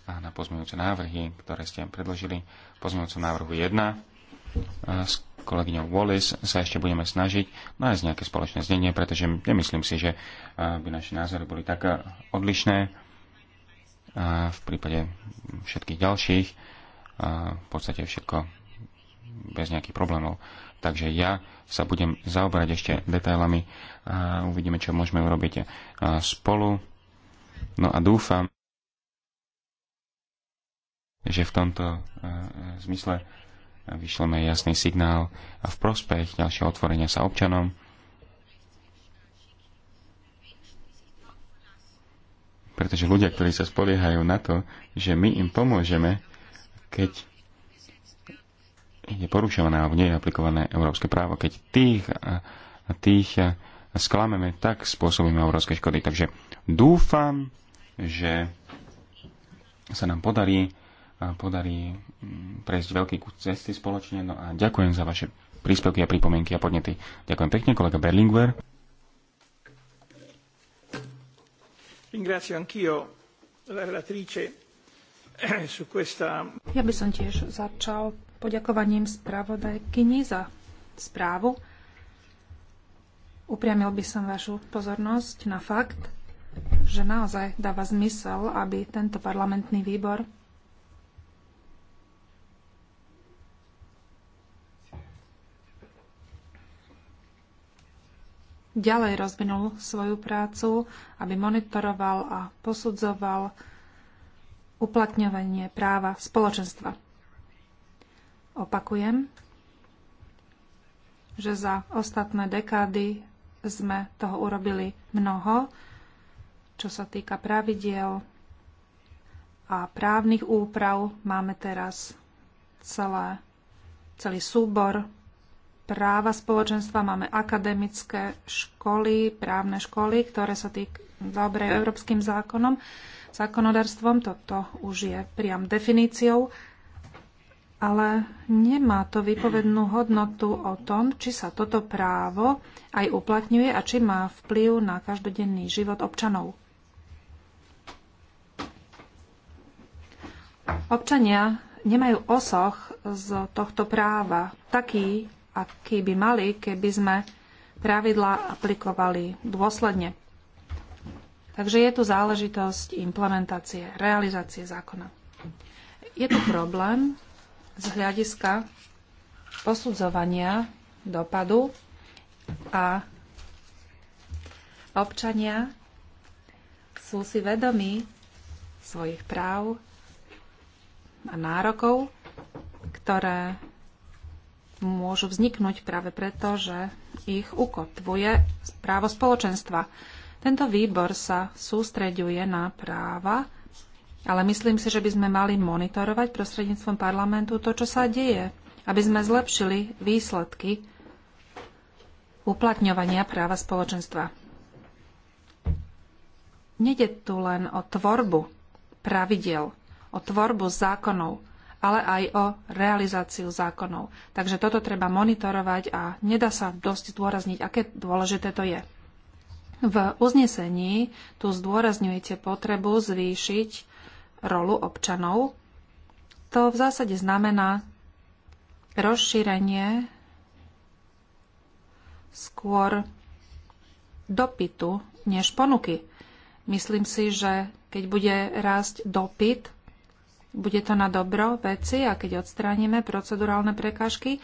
a na pozmeňujúce návrhy, ktoré ste predložili. Pozmeňujúce návrhu 1 eh, s kolegyňou Wallis sa ešte budeme snažiť nájsť nejaké spoločné znenie, pretože nemyslím si, že by naše názory boli tak odlišné a v prípade všetkých ďalších a v podstate všetko bez nejakých problémov. Takže ja sa budem zaoberať ešte detailami a uvidíme, čo môžeme urobiť spolu. No a dúfam, že v tomto zmysle vyšleme jasný signál v prospech ďalšieho otvorenia sa občanom Pretože ľudia, ktorí sa spoliehajú na to, že my im pomôžeme, keď je porušované alebo nie je aplikované európske právo, keď tých a, tých a sklameme, tak spôsobíme európske škody. Takže dúfam, že sa nám podarí, podarí mm, prejsť veľký kus cesty spoločne. No a ďakujem za vaše príspevky a pripomienky a podnety. Ďakujem pekne, kolega Berlinguer. Ringrazio anch'io la relatrice eh, su questa... Ja by som tiež začal poďakovaním spravodajkyni za správu. Upriamil by som vašu pozornosť na fakt, že naozaj dáva zmysel, aby tento parlamentný výbor ďalej rozvinul svoju prácu, aby monitoroval a posudzoval uplatňovanie práva spoločenstva. Opakujem, že za ostatné dekády sme toho urobili mnoho, čo sa týka pravidiel a právnych úprav. Máme teraz celé, celý súbor práva spoločenstva, máme akademické školy, právne školy, ktoré sa týk, zaoberajú európskym zákonom, zákonodarstvom, toto už je priam definíciou, ale nemá to výpovednú hodnotu o tom, či sa toto právo aj uplatňuje a či má vplyv na každodenný život občanov. Občania nemajú osoch z tohto práva. Taký aký by mali, keby sme pravidlá aplikovali dôsledne. Takže je tu záležitosť implementácie, realizácie zákona. Je tu problém z hľadiska posudzovania dopadu a občania sú si vedomí svojich práv a nárokov, ktoré môžu vzniknúť práve preto, že ich ukotvuje právo spoločenstva. Tento výbor sa sústreďuje na práva, ale myslím si, že by sme mali monitorovať prostredníctvom parlamentu to, čo sa deje, aby sme zlepšili výsledky uplatňovania práva spoločenstva. Nede tu len o tvorbu pravidel, o tvorbu zákonov, ale aj o realizáciu zákonov. Takže toto treba monitorovať a nedá sa dosť zdôrazniť, aké dôležité to je. V uznesení tu zdôrazňujete potrebu zvýšiť rolu občanov. To v zásade znamená rozšírenie skôr dopytu než ponuky. Myslím si, že keď bude rásť dopyt, bude to na dobro veci a keď odstránime procedurálne prekážky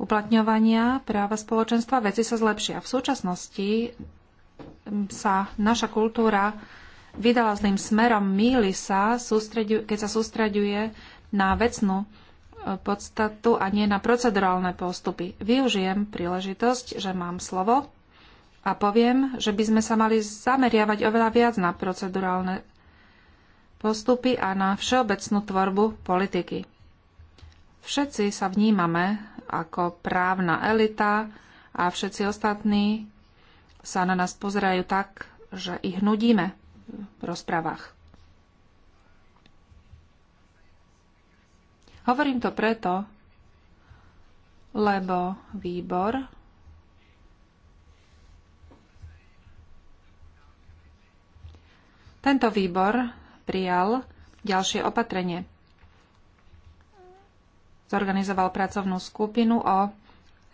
uplatňovania práva spoločenstva, veci sa zlepšia. V súčasnosti mm, sa naša kultúra vydala zlým smerom, míli sa, keď sa sústreďuje na vecnú e, podstatu a nie na procedurálne postupy. Využijem príležitosť, že mám slovo a poviem, že by sme sa mali zameriavať oveľa viac na procedurálne postupy a na všeobecnú tvorbu politiky. Všetci sa vnímame ako právna elita a všetci ostatní sa na nás pozerajú tak, že ich nudíme v rozprávach. Hovorím to preto, lebo výbor tento výbor prijal ďalšie opatrenie. Zorganizoval pracovnú skupinu o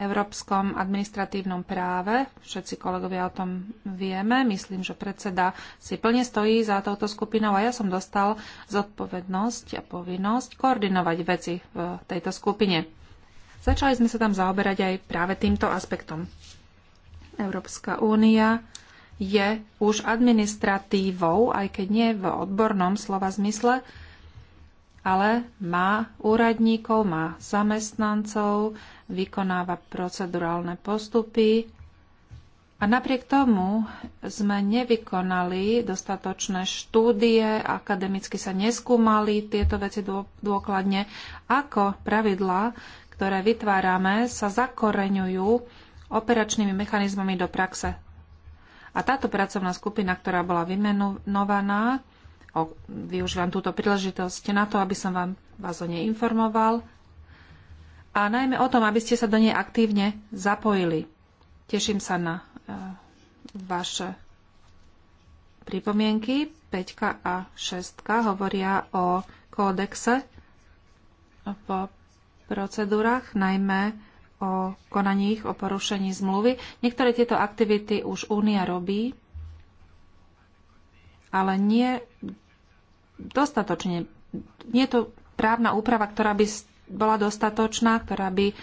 európskom administratívnom práve. Všetci kolegovia o tom vieme. Myslím, že predseda si plne stojí za touto skupinou a ja som dostal zodpovednosť a povinnosť koordinovať veci v tejto skupine. Začali sme sa tam zaoberať aj práve týmto aspektom. Európska únia je už administratívou, aj keď nie v odbornom slova zmysle, ale má úradníkov, má zamestnancov, vykonáva procedurálne postupy. A napriek tomu sme nevykonali dostatočné štúdie, akademicky sa neskúmali tieto veci dôkladne, ako pravidlá, ktoré vytvárame, sa zakoreňujú operačnými mechanizmami do praxe. A táto pracovná skupina, ktorá bola vymenovaná, o, využívam túto príležitosť na to, aby som vám, vás o nej informoval a najmä o tom, aby ste sa do nej aktívne zapojili. Teším sa na e, vaše pripomienky. 5 a 6 hovoria o kódexe v procedúrach, najmä o konaních o porušení zmluvy. Niektoré tieto aktivity už Únia robí, ale nie dostatočne. Nie je to právna úprava, ktorá by bola dostatočná, ktorá by e,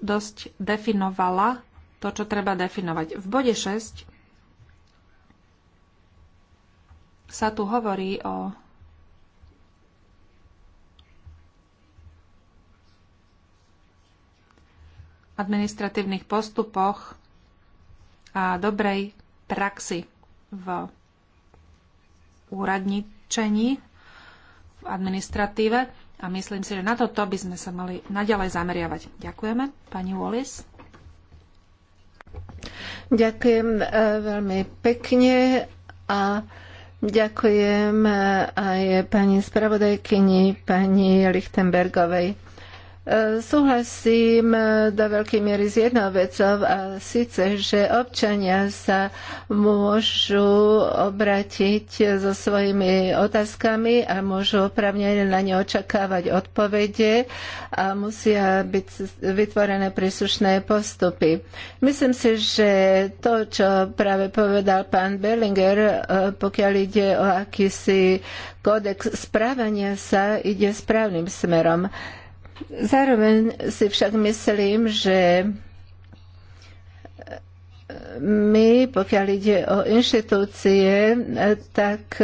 dosť definovala to, čo treba definovať. V bode 6 sa tu hovorí o administratívnych postupoch a dobrej praxi v úradničení, v administratíve a myslím si, že na toto by sme sa mali naďalej zameriavať. Ďakujeme. Pani Wallis. Ďakujem eh, veľmi pekne a ďakujem eh, aj pani spravodajkyni, pani Lichtenbergovej. Súhlasím e, do veľkej miery s jednou vecou a síce, že občania sa môžu obratiť so svojimi otázkami a môžu opravnene na ne očakávať odpovede a musia byť vytvorené príslušné postupy. Myslím si, že to, čo práve povedal pán Berlinger, e, pokiaľ ide o akýsi kódex správania sa, ide správnym smerom. Zároveň si však myslím, že my, pokiaľ ide o inštitúcie, tak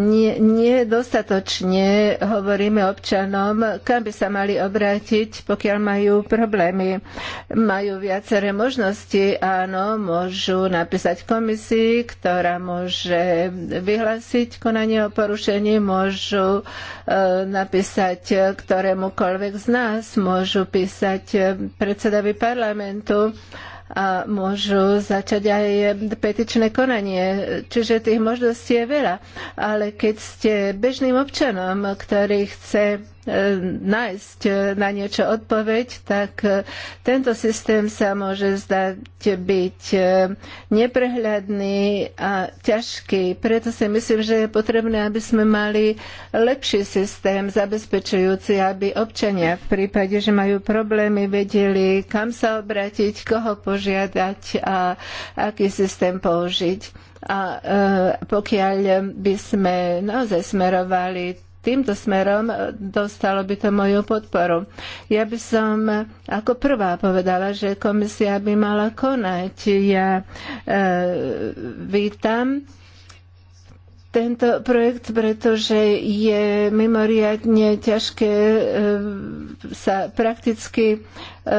nedostatočne nie hovoríme občanom, kam by sa mali obrátiť, pokiaľ majú problémy. Majú viaceré možnosti, áno, môžu napísať komisii, ktorá môže vyhlásiť konanie o porušení, môžu e, napísať ktorémukoľvek z nás, môžu písať e, predsedovi parlamentu, a môžu začať aj petičné konanie. Čiže tých možností je veľa. Ale keď ste bežným občanom, ktorý chce nájsť e, na niečo odpoveď, tak e, tento systém sa môže zdať byť e, neprehľadný a ťažký. Preto si myslím, že je potrebné, aby sme mali lepší systém zabezpečujúci, aby občania v prípade, že majú problémy, vedeli, kam sa obrátiť, koho požiadať a aký systém použiť. A e, pokiaľ by sme naozaj smerovali týmto smerom, e, dostalo by to moju podporu. Ja by som e, ako prvá povedala, že komisia by mala konať. Ja e, vítam tento projekt, pretože je mimoriadne ťažké e, sa prakticky E,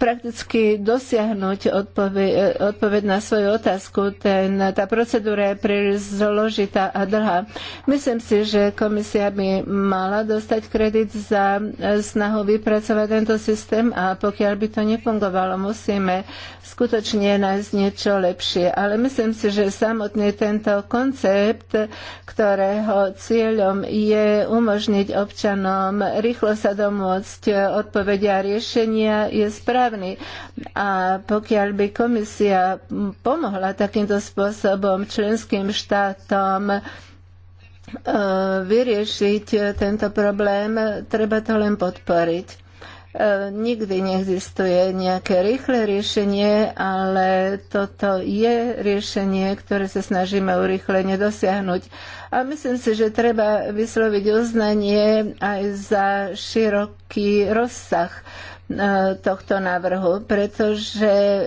prakticky dosiahnuť odpoveď, e, odpoveď na svoju otázku. Ten, tá procedúra je príliš zložitá a dlhá. Myslím si, že komisia by mala dostať kredit za e, snahu vypracovať tento systém a pokiaľ by to nefungovalo, musíme skutočne nájsť niečo lepšie. Ale myslím si, že samotný tento koncept, ktorého cieľom je umožniť občanom rýchlo sa domôcť odpovedia a riešenia, riešenia je správny. A pokiaľ by komisia pomohla takýmto spôsobom členským štátom e, vyriešiť tento problém, treba to len podporiť e, nikdy neexistuje nejaké rýchle riešenie, ale toto je riešenie, ktoré sa snažíme urýchlenie dosiahnuť. A myslím si, že treba vysloviť uznanie aj za široký rozsah tohto návrhu, pretože e,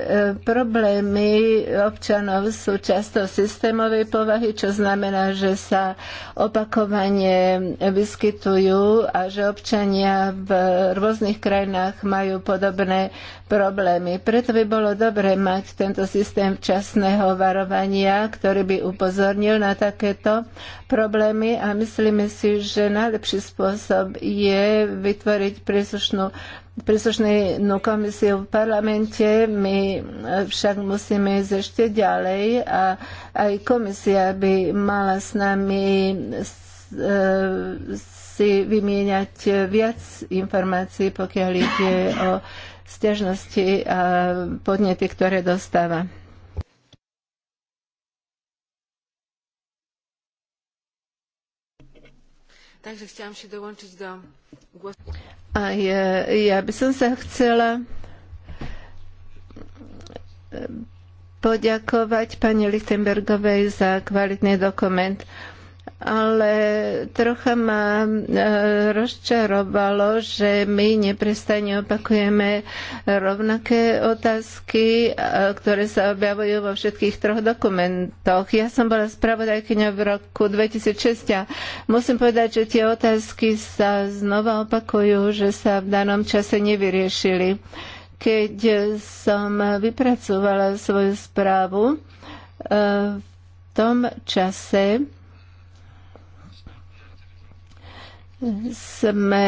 problémy občanov sú často systémovej povahy, čo znamená, že sa opakovane vyskytujú a že občania v rôznych krajinách majú podobné problémy. Preto by bolo dobré mať tento systém včasného varovania, ktorý by upozornil na takéto problémy a myslíme si, že najlepší spôsob je vytvoriť príslušnú no komisie v parlamente, my však musíme ísť ešte ďalej a aj komisia by mala s nami e, si vymieňať viac informácií, pokiaľ ide o stiažnosti a podnety, ktoré dostáva. Takže chciałam się dołączyć do głosu. A ja, ja by som sa chcela eh, poďakovať pani Lichtenbergovej za kvalitný dokument ale trocha ma e, rozčarovalo, že my neprestane opakujeme rovnaké otázky, e, ktoré sa objavujú vo všetkých troch dokumentoch. Ja som bola spravodajkyňa v roku 2006 a musím povedať, že tie otázky sa znova opakujú, že sa v danom čase nevyriešili. Keď som vypracovala svoju správu, e, v tom čase sme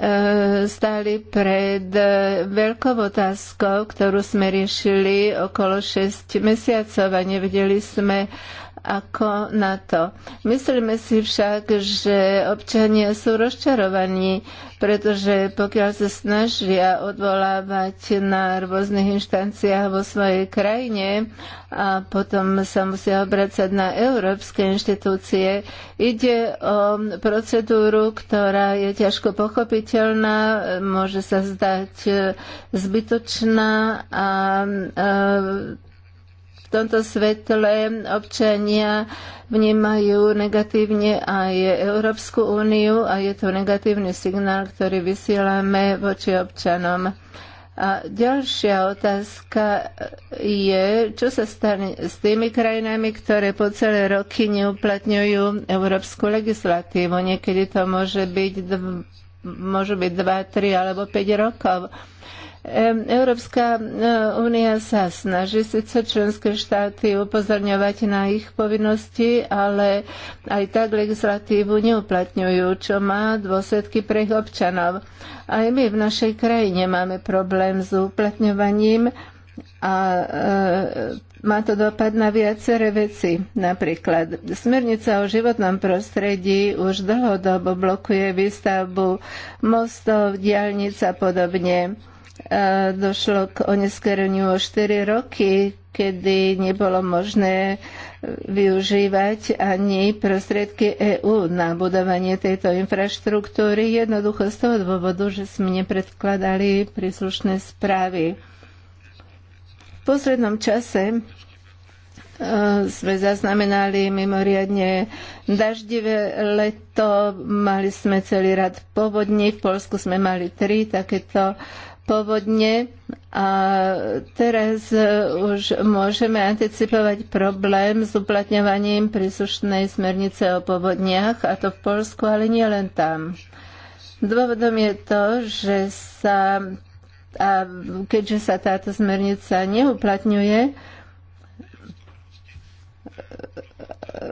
e, stali pred e, veľkou otázkou, ktorú sme riešili okolo 6 mesiacov a nevedeli sme, ako na to. Myslíme si však, že občania sú rozčarovaní, pretože pokiaľ sa snažia odvolávať na rôznych inštanciách vo svojej krajine a potom sa musia obracať na európske inštitúcie, ide o procedúru, ktorá je ťažko pochopiteľná, môže sa zdať zbytočná a, a tomto svetle občania vnímajú negatívne aj Európsku úniu a je to negatívny signál, ktorý vysielame voči občanom. A ďalšia otázka je, čo sa stane s tými krajinami, ktoré po celé roky neuplatňujú európsku legislatívu. Niekedy to môže byť, môžu byť 2, 3 alebo 5 rokov. Európska e, únia sa snaží síce členské štáty upozorňovať na ich povinnosti, ale aj tak legislatívu neuplatňujú, čo má dôsledky pre ich občanov. Aj my v našej krajine máme problém s uplatňovaním a e, má to dopad na viaceré veci. Napríklad smernica o životnom prostredí už dlhodobo blokuje výstavbu mostov, diálnic a podobne. E, došlo k oneskereniu o 4 roky, kedy nebolo možné využívať ani prostriedky EÚ na budovanie tejto infraštruktúry, jednoducho z toho dôvodu, že sme nepredkladali príslušné správy. V poslednom čase e, sme zaznamenali mimoriadne daždivé leto, mali sme celý rad povodní, v Polsku sme mali tri takéto uh, povodne a teraz e, už môžeme anticipovať problém s uplatňovaním príslušnej smernice o povodniach a to v Polsku, ale nie len tam. Dôvodom je to, že sa a keďže sa táto smernica neuplatňuje,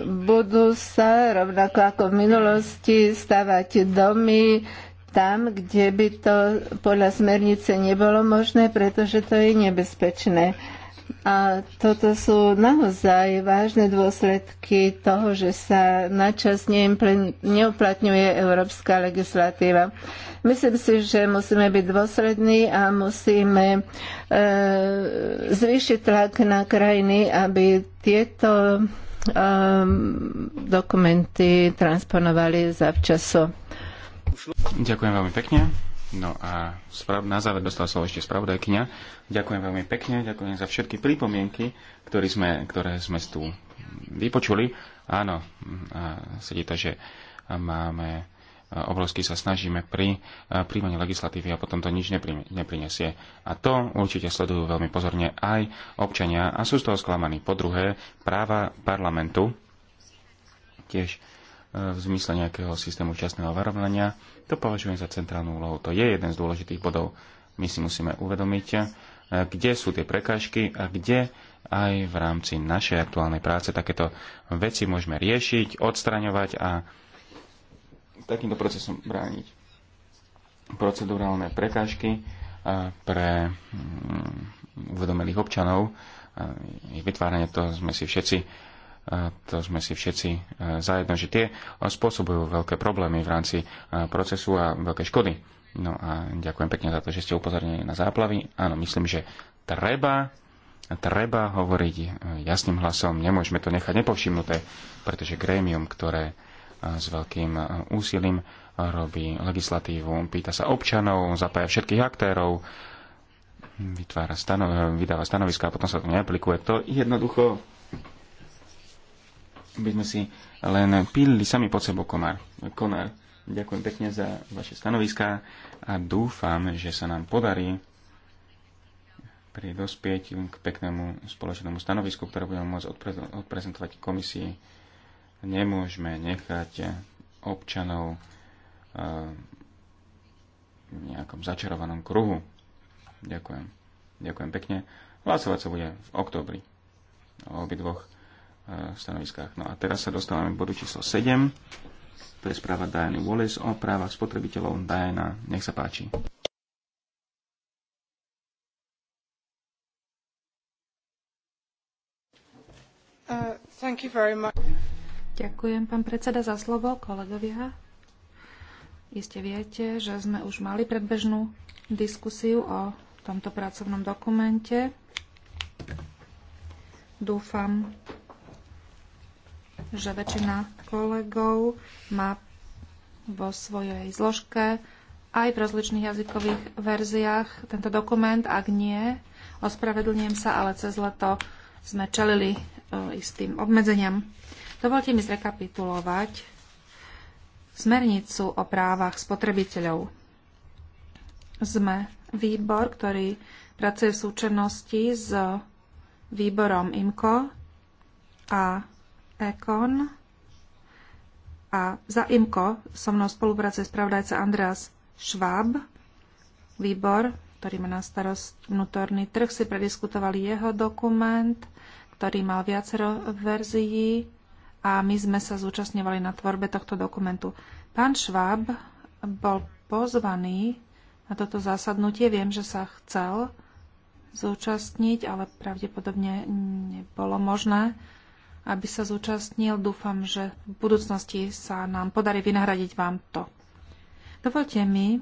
budú sa rovnako ako v minulosti stavať domy, tam, kde by to podľa smernice nebolo možné, pretože to je nebezpečné. A toto sú naozaj vážne dôsledky toho, že sa načas neuplatňuje európska legislatíva. Myslím si, že musíme byť dôslední a musíme e, zvýšiť tlak na krajiny, aby tieto e, dokumenty transponovali včasom. Ďakujem veľmi pekne. No a sprav- na záver dostal slovo ešte spravodajkyňa. Ďakujem veľmi pekne, ďakujem za všetky pripomienky, ktoré sme, ktoré sme tu vypočuli. Áno, sedí to, že máme obrovsky sa snažíme pri príjmaní legislatívy a potom to nič neprinesie. A to určite sledujú veľmi pozorne aj občania a sú z toho sklamaní. Po druhé, práva parlamentu tiež e, v zmysle nejakého systému časného varovania to považujem za centrálnu úlohu. To je jeden z dôležitých bodov. My si musíme uvedomiť, eh, kde sú tie prekážky a kde aj v rámci našej aktuálnej práce takéto veci môžeme riešiť, odstraňovať a takýmto procesom brániť. Procedurálne prekážky eh, pre mm, uvedomelých občanov, eh, ich vytváranie, to sme si všetci to sme si všetci e, zajedno, že tie spôsobujú veľké problémy v rámci e, procesu a veľké škody. No a ďakujem pekne za to, že ste upozornili na záplavy. Áno, myslím, že treba, treba hovoriť e, jasným hlasom, nemôžeme to nechať nepovšimnuté, pretože grémium, ktoré s veľkým úsilím robí legislatívu, pýta sa občanov, zapája všetkých aktérov, vytvára stano- vydáva stanoviska a potom sa to neaplikuje. To jednoducho by sme si len pílili sami pod sebou komár, konár. Ďakujem pekne za vaše stanoviská a dúfam, že sa nám podarí pridospieť k peknému spoločnému stanovisku, ktoré budeme môcť odprezentovať komisii. Nemôžeme nechať občanov eh, v nejakom začarovanom kruhu. Ďakujem. Ďakujem pekne. Hlasovať sa bude v oktobri o obidvoch E, stanoviskách. No a teraz sa dostávame k bodu číslo 7. To je správa Diany Wallace o právach spotrebiteľov. Diana, nech sa páči. Uh, thank you very much. Ďakujem, pán predseda, za slovo, kolegovia. Iste viete, že sme už mali predbežnú diskusiu o tomto pracovnom dokumente. Dúfam, že väčšina kolegov má vo svojej zložke aj v rozličných jazykových verziách tento dokument. Ak nie, ospravedlňujem sa, ale cez leto sme čelili e, istým obmedzeniam. Dovolte mi zrekapitulovať smernicu o právach spotrebiteľov. Sme výbor, ktorý pracuje v súčinnosti s výborom IMCO a Ekon a za IMKO so mnou spolupracuje spravodajca Andreas Schwab. Výbor, ktorý má na starost vnútorný trh, si prediskutovali jeho dokument, ktorý mal viacero verzií a my sme sa zúčastňovali na tvorbe tohto dokumentu. Pán Schwab bol pozvaný na toto zásadnutie. Viem, že sa chcel zúčastniť, ale pravdepodobne nebolo možné aby sa zúčastnil. Dúfam, že v budúcnosti sa nám podarí vynahradiť vám to. Dovolte mi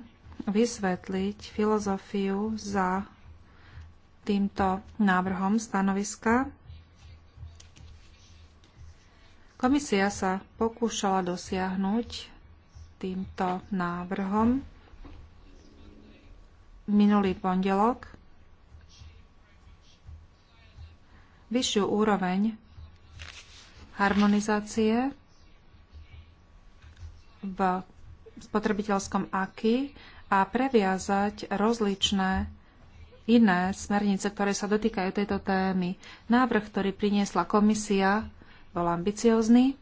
vysvetliť filozofiu za týmto návrhom stanoviska. Komisia sa pokúšala dosiahnuť týmto návrhom minulý pondelok vyššiu úroveň harmonizácie v spotrebiteľskom AKI a previazať rozličné iné smernice, ktoré sa dotýkajú tejto témy. Návrh, ktorý priniesla komisia, bol ambiciózny,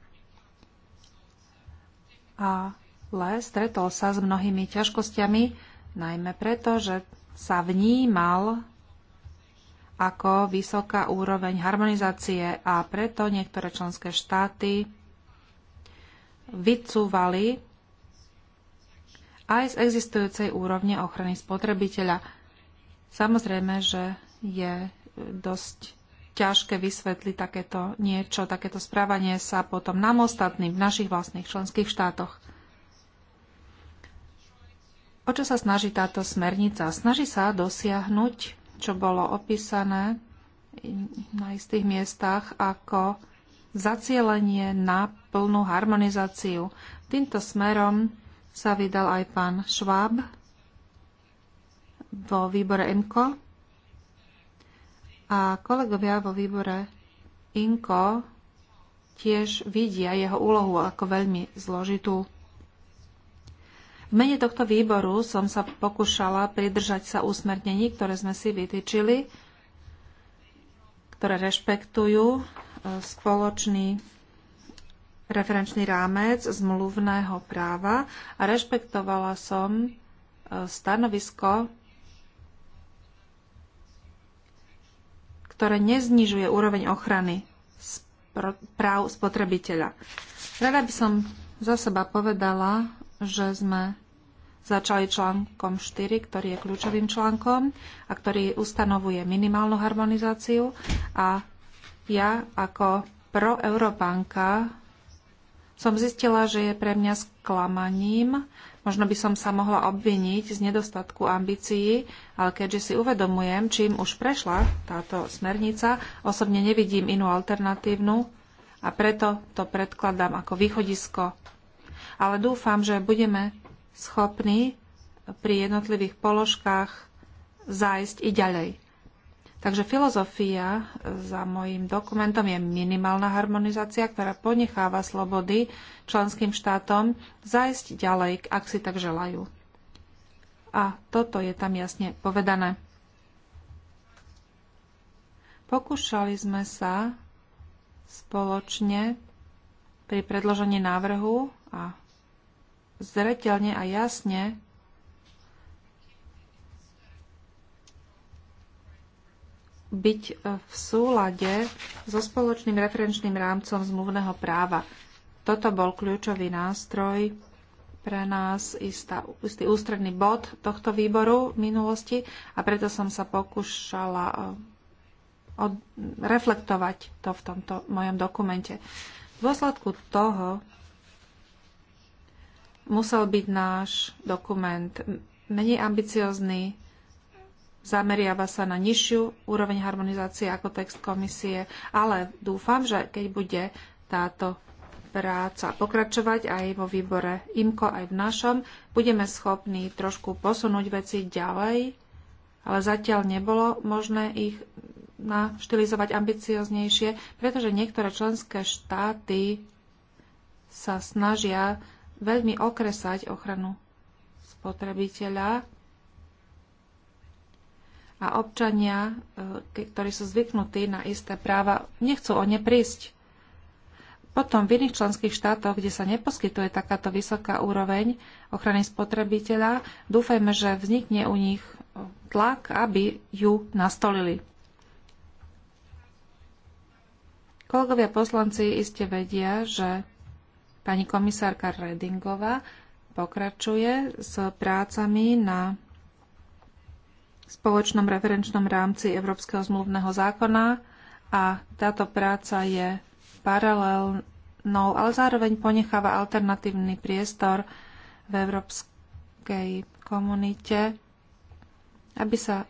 ale stretol sa s mnohými ťažkosťami, najmä preto, že sa vnímal ako vysoká úroveň harmonizácie a preto niektoré členské štáty vycúvali aj z existujúcej úrovne ochrany spotrebiteľa. Samozrejme, že je dosť ťažké vysvetliť takéto niečo, takéto správanie sa potom nám ostatným v našich vlastných členských štátoch. O čo sa snaží táto smernica? Snaží sa dosiahnuť čo bolo opísané na istých miestach ako zacielenie na plnú harmonizáciu. Týmto smerom sa vydal aj pán Schwab vo výbore Inko a kolegovia vo výbore Inko tiež vidia jeho úlohu ako veľmi zložitú. V mene tohto výboru som sa pokúšala pridržať sa úsmernení, ktoré sme si vytýčili, ktoré rešpektujú e, spoločný referenčný rámec zmluvného práva a rešpektovala som e, stanovisko, ktoré neznižuje úroveň ochrany práv spotrebiteľa. Rada by som za seba povedala, že sme začali článkom 4, ktorý je kľúčovým článkom a ktorý ustanovuje minimálnu harmonizáciu a ja ako pro proeuropanka som zistila, že je pre mňa sklamaním. Možno by som sa mohla obviniť z nedostatku ambícií, ale keďže si uvedomujem, čím už prešla táto smernica, osobne nevidím inú alternatívnu a preto to predkladám ako východisko ale dúfam, že budeme schopní pri jednotlivých položkách zájsť i ďalej. Takže filozofia za môjim dokumentom je minimálna harmonizácia, ktorá ponecháva slobody členským štátom zájsť ďalej, ak si tak želajú. A toto je tam jasne povedané. Pokúšali sme sa spoločne pri predložení návrhu a zretelne a jasne byť v súlade so spoločným referenčným rámcom zmluvného práva. Toto bol kľúčový nástroj pre nás, istá, istý ústredný bod tohto výboru v minulosti a preto som sa pokúšala eh, od, reflektovať to v tomto mojom dokumente. V dôsledku toho musel byť náš dokument menej ambiciozný, zameriava sa na nižšiu úroveň harmonizácie ako text komisie, ale dúfam, že keď bude táto práca pokračovať aj vo výbore IMKO, aj v našom, budeme schopní trošku posunúť veci ďalej, ale zatiaľ nebolo možné ich naštilizovať ambicioznejšie, pretože niektoré členské štáty sa snažia veľmi okresať ochranu spotrebiteľa a občania, e, ktorí sú zvyknutí na isté práva, nechcú o ne prísť. Potom v iných členských štátoch, kde sa neposkytuje takáto vysoká úroveň ochrany spotrebiteľa, dúfajme, že vznikne u nich e, tlak, aby ju nastolili. Kolegovia poslanci iste vedia, že Pani komisárka Redingová pokračuje s prácami na spoločnom referenčnom rámci Európskeho zmluvného zákona a táto práca je paralelnou, ale zároveň ponecháva alternatívny priestor v európskej komunite, aby sa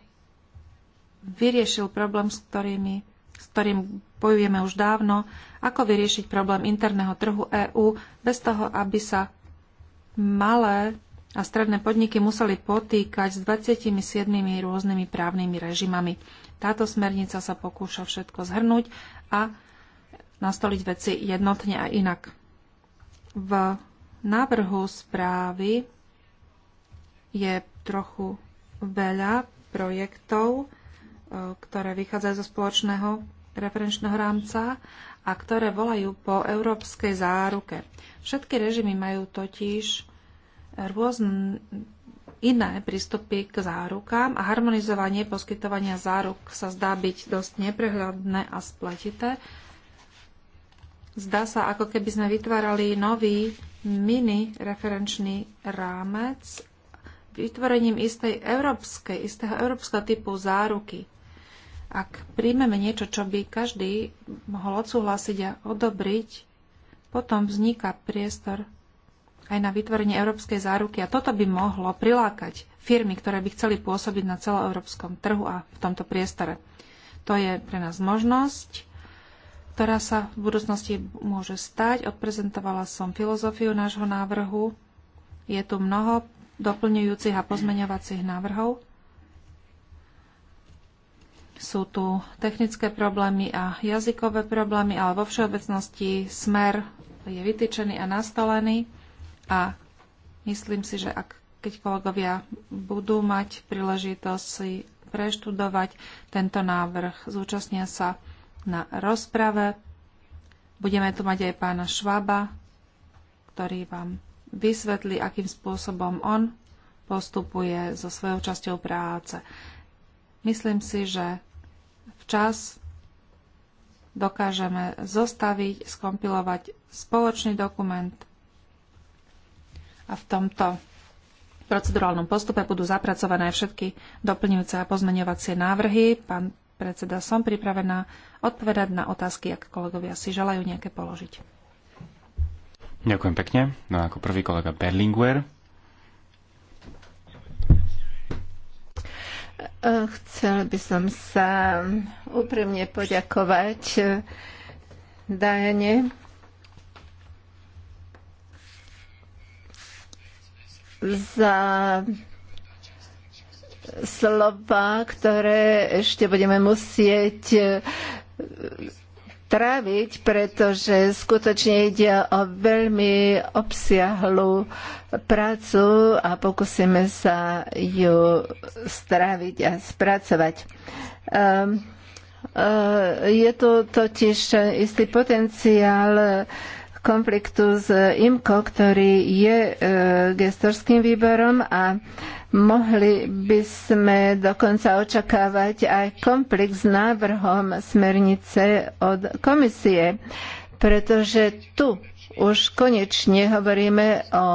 vyriešil problém, s, ktorými, s ktorým bojujeme už dávno ako vyriešiť problém interného trhu EÚ bez toho, aby sa malé a stredné podniky museli potýkať s 27 rôznymi právnymi režimami. Táto smernica sa pokúša všetko zhrnúť a nastoliť veci jednotne a inak. V návrhu správy je trochu veľa projektov, e, ktoré vychádzajú zo spoločného referenčného rámca a ktoré volajú po európskej záruke. Všetky režimy majú totiž rôzne iné prístupy k zárukám a harmonizovanie poskytovania záruk sa zdá byť dosť neprehľadné a spletité. Zdá sa, ako keby sme vytvárali nový mini referenčný rámec vytvorením istej európskej, istého európskeho typu záruky. Ak príjmeme niečo, čo by každý mohol odsúhlasiť a odobriť, potom vzniká priestor aj na vytvorenie európskej záruky. A toto by mohlo prilákať firmy, ktoré by chceli pôsobiť na celoeurópskom trhu a v tomto priestore. To je pre nás možnosť, ktorá sa v budúcnosti môže stať. Odprezentovala som filozofiu nášho návrhu. Je tu mnoho doplňujúcich a pozmeňovacích návrhov sú tu technické problémy a jazykové problémy, ale vo všeobecnosti smer je vytýčený a nastolený a myslím si, že ak, keď kolegovia budú mať príležitosť si preštudovať tento návrh, zúčastnia sa na rozprave. Budeme tu mať aj pána Švaba, ktorý vám vysvetlí, akým spôsobom on postupuje so svojou časťou práce. Myslím si, že Čas dokážeme zostaviť, skompilovať spoločný dokument a v tomto procedurálnom postupe budú zapracované všetky doplňujúce a pozmeňovacie návrhy. Pán predseda, som pripravená odpovedať na otázky, ak kolegovia si želajú nejaké položiť. Ďakujem pekne. No ako prvý kolega Berlinguer. Chcel by som sa úprimne poďakovať eh, Dajane za slova, ktoré ešte budeme musieť eh, tráviť, pretože skutočne ide o veľmi obsiahlu prácu a pokúsime sa ju stráviť a spracovať. Ehm, e, je tu totiž istý potenciál konfliktu s IMCO, ktorý je e, gestorským výborom a Mohli by sme dokonca očakávať aj komplex s návrhom smernice od komisie, pretože tu už konečne hovoríme o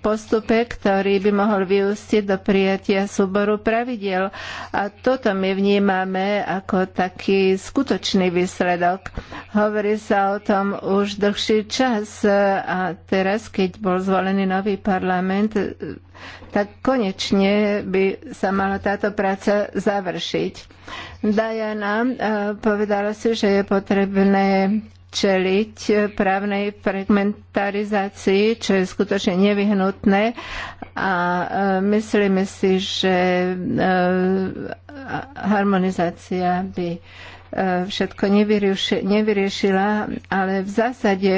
postupe, ktorý by mohol vyústiť do prijatia súboru pravidel. A toto my vnímame ako taký skutočný výsledok. Hovorí sa o tom už dlhší čas a teraz, keď bol zvolený nový parlament, tak konečne by sa mala táto práca završiť. Diana eh, povedala si, že je potrebné čeliť právnej fragmentarizácii, čo je skutočne nevyhnutné a e, myslíme si, že e, harmonizácia by všetko nevyriešila, ale v zásade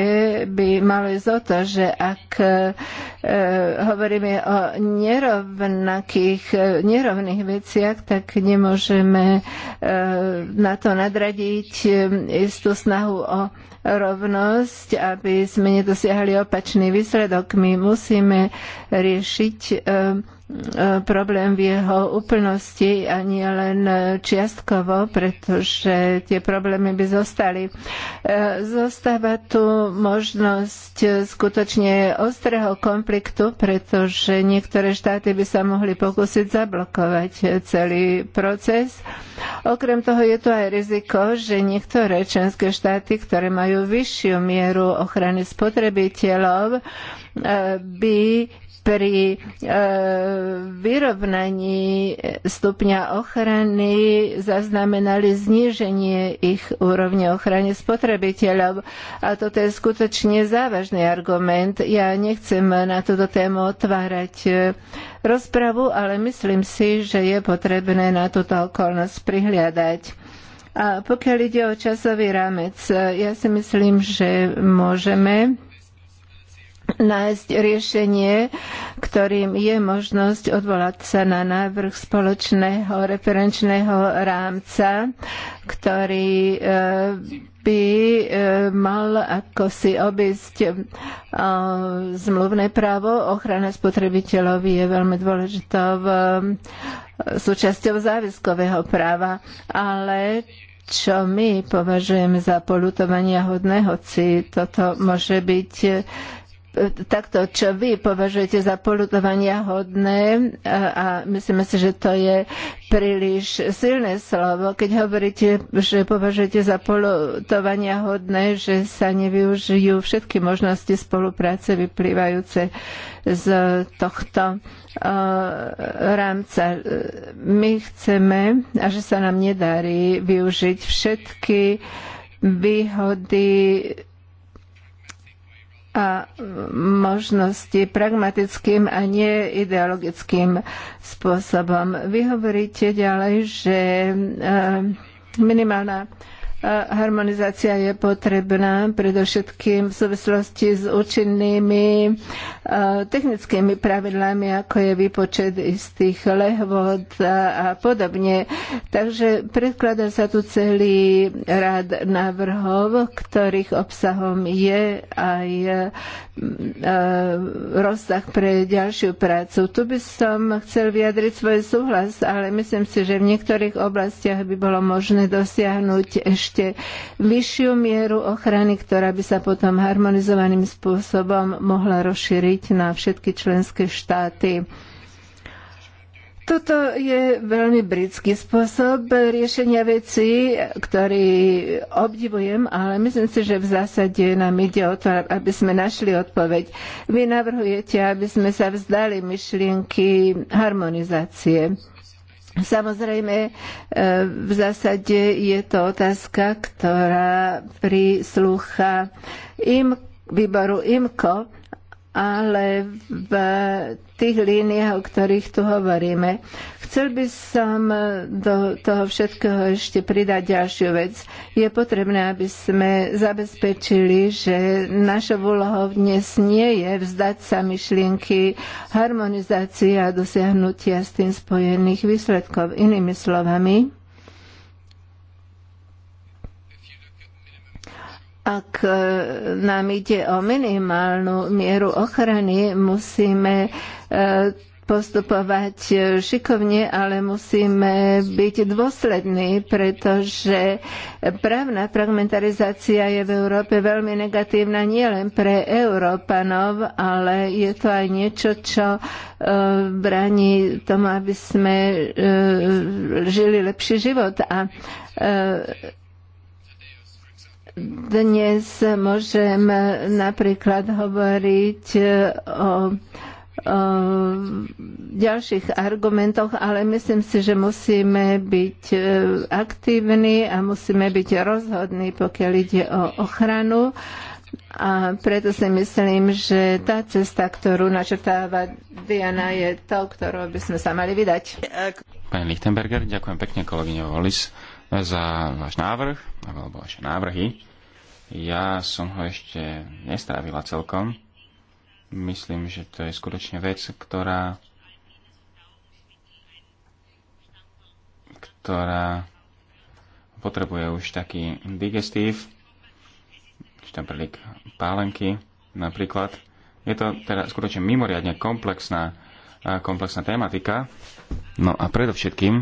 by malo ísť o to, že ak e, hovoríme o nerovnakých, e, nerovných veciach, tak nemôžeme e, na to nadradiť istú snahu o rovnosť, aby sme nedosiahli opačný výsledok. My musíme riešiť e, e, problém v jeho úplnosti a nie len čiastkovo, pretože tie problémy by zostali. E, zostáva tu možnosť skutočne ostrého konfliktu, pretože niektoré štáty by sa mohli pokúsiť zablokovať celý proces. Okrem toho je tu aj riziko, že niektoré členské štáty, ktoré majú majú vyššiu mieru ochrany spotrebiteľov, e, by pri e, vyrovnaní stupňa ochrany zaznamenali zníženie ich úrovne ochrany spotrebiteľov. A toto je skutočne závažný argument. Ja nechcem na túto tému otvárať e, rozpravu, ale myslím si, že je potrebné na túto okolnosť prihliadať. A pokiaľ ide o časový rámec, ja si myslím, že môžeme nájsť riešenie, ktorým je možnosť odvolať sa na návrh spoločného referenčného rámca, ktorý eh, by eh, mal ako si obísť eh, zmluvné právo. Ochrana spotrebiteľov je veľmi dôležitou súčasťou záväzkového práva, ale čo my považujeme za polutovania hodné, hoci toto môže byť takto, čo vy považujete za polutovania hodné a myslíme si, že to je príliš silné slovo, keď hovoríte, že považujete za polutovania hodné, že sa nevyužijú všetky možnosti spolupráce vyplývajúce z tohto e, rámca. My chceme, a že sa nám nedarí využiť všetky výhody a možnosti pragmatickým a nie ideologickým spôsobom. Vy hovoríte ďalej, že eh, minimálna Harmonizácia je potrebná predovšetkým v súvislosti s účinnými technickými pravidlami, ako je výpočet istých lehvod a podobne. Takže predkladá sa tu celý rád návrhov, ktorých obsahom je aj rozsah pre ďalšiu prácu. Tu by som chcel vyjadriť svoj súhlas, ale myslím si, že v niektorých oblastiach by bolo možné dosiahnuť ešte ešte vyššiu mieru ochrany, ktorá by sa potom harmonizovaným spôsobom mohla rozšíriť na všetky členské štáty. Toto je veľmi britský spôsob riešenia vecí, ktorý obdivujem, ale myslím si, že v zásade nám ide o to, aby sme našli odpoveď. Vy navrhujete, aby sme sa vzdali myšlienky harmonizácie. Samozrejme, e, v zásade je to otázka, ktorá prislúcha im, výboru IMKO, ale v tých líniách, o ktorých tu hovoríme. Chcel by som do toho všetkého ešte pridať ďalšiu vec. Je potrebné, aby sme zabezpečili, že naša úlohou dnes nie je vzdať sa myšlienky harmonizácie a dosiahnutia s tým spojených výsledkov. Inými slovami, Ak nám ide o minimálnu mieru ochrany, musíme e, postupovať šikovne, ale musíme byť dôslední, pretože právna fragmentarizácia je v Európe veľmi negatívna nielen pre Európanov, ale je to aj niečo, čo e, bráni tomu, aby sme e, žili lepší život. A e, dnes môžem napríklad hovoriť o Eh, ďalších argumentoch, ale myslím si, že musíme byť eh, aktívni a musíme byť rozhodní, pokiaľ ide o ochranu. A preto si myslím, že tá cesta, ktorú načrtáva Diana, je to, ktorou by sme sa mali vydať. Pani Lichtenberger, ďakujem pekne kolegyne Volis za váš návrh, alebo vaše návrhy. Ja som ho ešte nestávila celkom Myslím, že to je skutočne vec, ktorá ktorá potrebuje už taký digestív, štamprlík pálenky napríklad. Je to teda skutočne mimoriadne komplexná, komplexná tematika. No a predovšetkým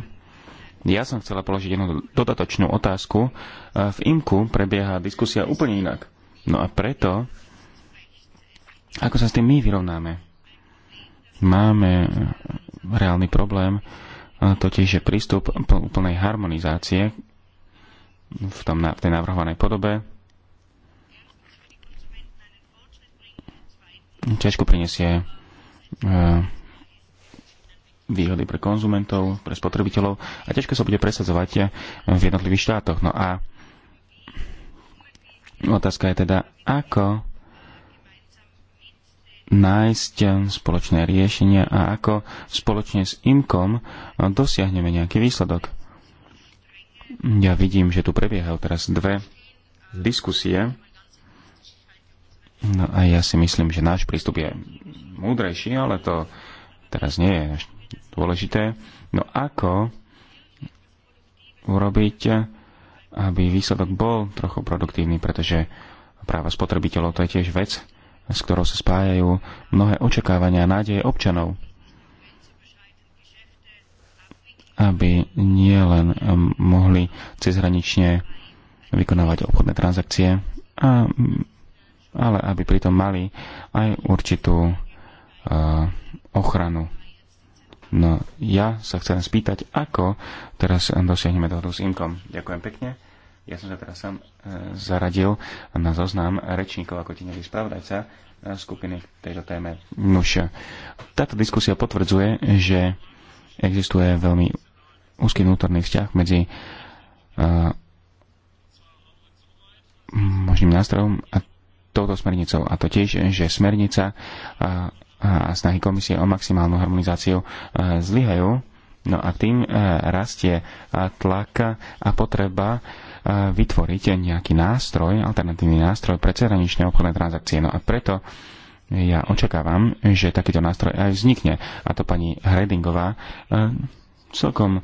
ja som chcela položiť jednu dodatočnú otázku. V IMKU prebieha diskusia úplne inak. No a preto ako sa s tým my vyrovnáme? Máme reálny problém, totiž je prístup úplnej harmonizácie v, tom, v tej navrhovanej podobe. Ťažko prinesie e, výhody pre konzumentov, pre spotrebiteľov a ťažko sa bude presadzovať v jednotlivých štátoch. No a otázka je teda, ako nájsť spoločné riešenia a ako spoločne s IMKOM dosiahneme nejaký výsledok. Ja vidím, že tu prebiehajú teraz dve diskusie. No a ja si myslím, že náš prístup je múdrejší, ale to teraz nie je až dôležité. No ako urobiť, aby výsledok bol trochu produktívny, pretože práva spotrebiteľov to je tiež vec, s ktorou sa spájajú mnohé očakávania a nádeje občanov. Aby nielen um, mohli cezhranične vykonávať obchodné transakcie, a, ale aby pritom mali aj určitú uh, ochranu. No ja sa chcem spýtať, ako teraz dosiahneme dohodu s Inkom. Ďakujem pekne. Ja som sa teraz sám e, zaradil na zoznam rečníkov ako tieňový spravodajca e, skupiny v tejto téme. Nuž, táto diskusia potvrdzuje, že existuje veľmi úzky vnútorný vzťah medzi e, možným nástrojom a touto smernicou. A to tiež, že smernica a snahy komisie o maximálnu harmonizáciu zlyhajú. No a tým rastie tlak a potreba E, vytvoriť nejaký nástroj, alternatívny nástroj pre cezhraničné obchodné transakcie. No a preto ja očakávam, že takýto nástroj aj vznikne. A to pani Hredingová e, celkom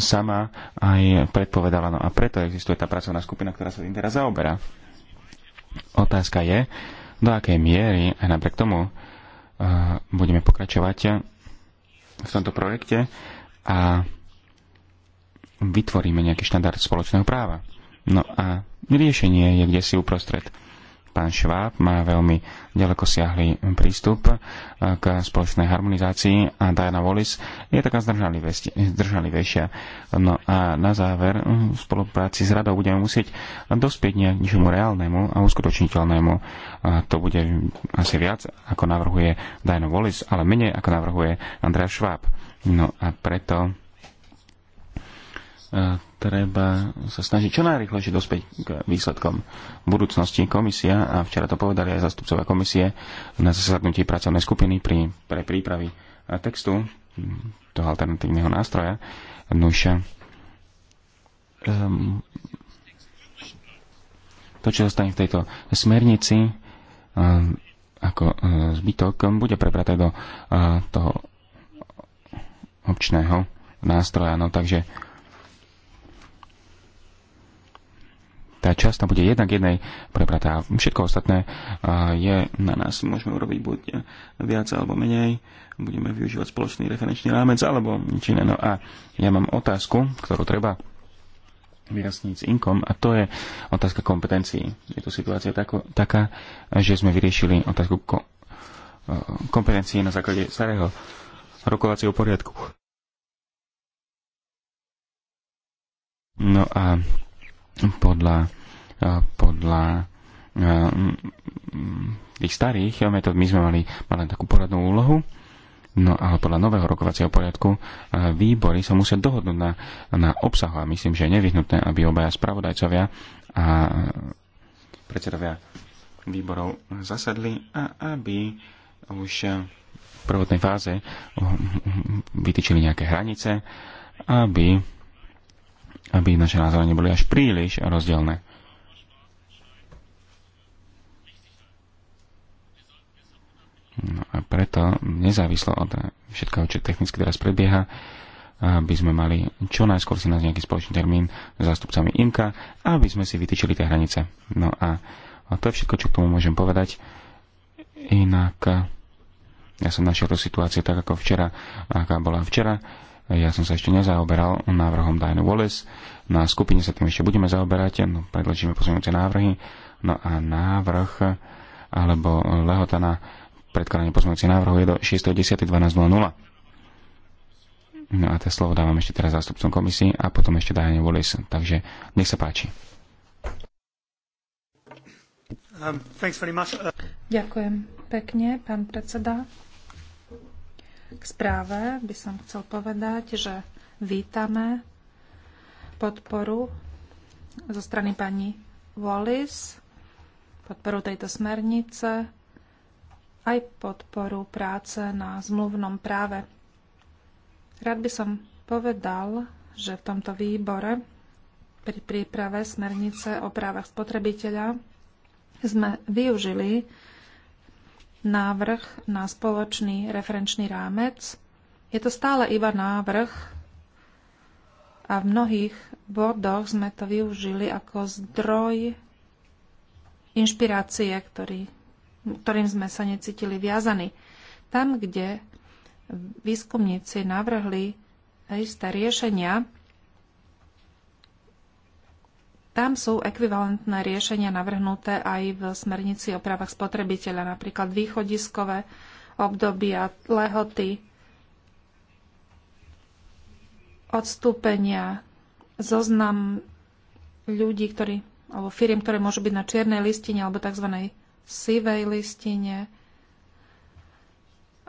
sama aj predpovedala. No a preto existuje tá pracovná skupina, ktorá sa tým teraz zaoberá. Otázka je, do akej miery aj napriek tomu e, budeme pokračovať v tomto projekte a vytvoríme nejaký štandard spoločného práva. No a riešenie je kde si uprostred. Pán Šváb má veľmi ďaleko siahly prístup eh, k spoločnej harmonizácii a Diana Wallis je taká zdržanlivejšia. No a na záver eh, v spolupráci s radou budeme musieť dospieť niečomu reálnemu a uskutočniteľnému. A to bude asi viac, ako navrhuje Diana Wallis, ale menej, ako navrhuje Andrea Šváb. No a preto treba sa snažiť čo najrychlejšie dospäť k výsledkom budúcnosti. Komisia, a včera to povedali aj zastupcovia komisie na zasadnutí pracovnej skupiny pri, pre prípravy textu toho alternatívneho nástroja, Nuša. um, ehm, to, čo zostane v tejto smernici um, ako ehm, zbytok, bude prebraté do uh, toho občného nástroja. No takže tá časť tam bude jednak jednej prebratá. Všetko ostatné je na nás. Môžeme urobiť buď viac alebo menej. Budeme využívať spoločný referenčný rámec alebo nič iné. No a ja mám otázku, ktorú treba vyjasniť s Inkom a to je otázka kompetencií. Je tu situácia tako, taká, že sme vyriešili otázku ko, kompetencií na základe starého rokovacieho poriadku. No a podľa podľa mm, tých starých metód my sme mali, mali takú poradnú úlohu, no ale podľa nového rokovacieho poriadku výbory sa musia dohodnúť na, na obsahu a myslím, že je nevyhnutné, aby obaja spravodajcovia a predsedovia výborov zasadli a aby už v prvotnej fáze vytýčili nejaké hranice, aby, aby naše názory neboli až príliš rozdielne. No a preto, nezávislo od všetkého, čo technicky teraz prebieha, by sme mali čo najskôr si nájsť nejaký spoločný termín s zástupcami IMKA, aby sme si vytýčili tie hranice. No a to je všetko, čo k tomu môžem povedať. Inak ja som našiel tú situáciu tak, ako včera, aká bola včera. Ja som sa ešte nezaoberal návrhom Diane Wallace. Na skupine sa tým ešte budeme zaoberať, no, predložíme posunúce návrhy. No a návrh alebo lehota na predkladanie pozmeňujúcich návrhov je do 6.10.12.00. No a to slovo dávam ešte teraz zástupcom komisii a potom ešte Diane Wallis. Takže nech sa páči. Um, Ďakujem pekne, pán predseda. K správe by som chcel povedať, že vítame podporu zo strany pani Wallis, podporu tejto smernice aj podporu práce na zmluvnom práve. Rád by som povedal, že v tomto výbore pri príprave smernice o právach spotrebiteľa sme využili návrh na spoločný referenčný rámec. Je to stále iba návrh a v mnohých bodoch sme to využili ako zdroj inšpirácie, ktorý ktorým sme sa necítili viazaní. Tam, kde výskumníci navrhli isté riešenia, tam sú ekvivalentné riešenia navrhnuté aj v smernici o právach spotrebiteľa, napríklad východiskové obdobia, lehoty, odstúpenia, zoznam ľudí, ktorí, alebo firiem, ktoré môžu byť na čiernej listine alebo tzv sivej listine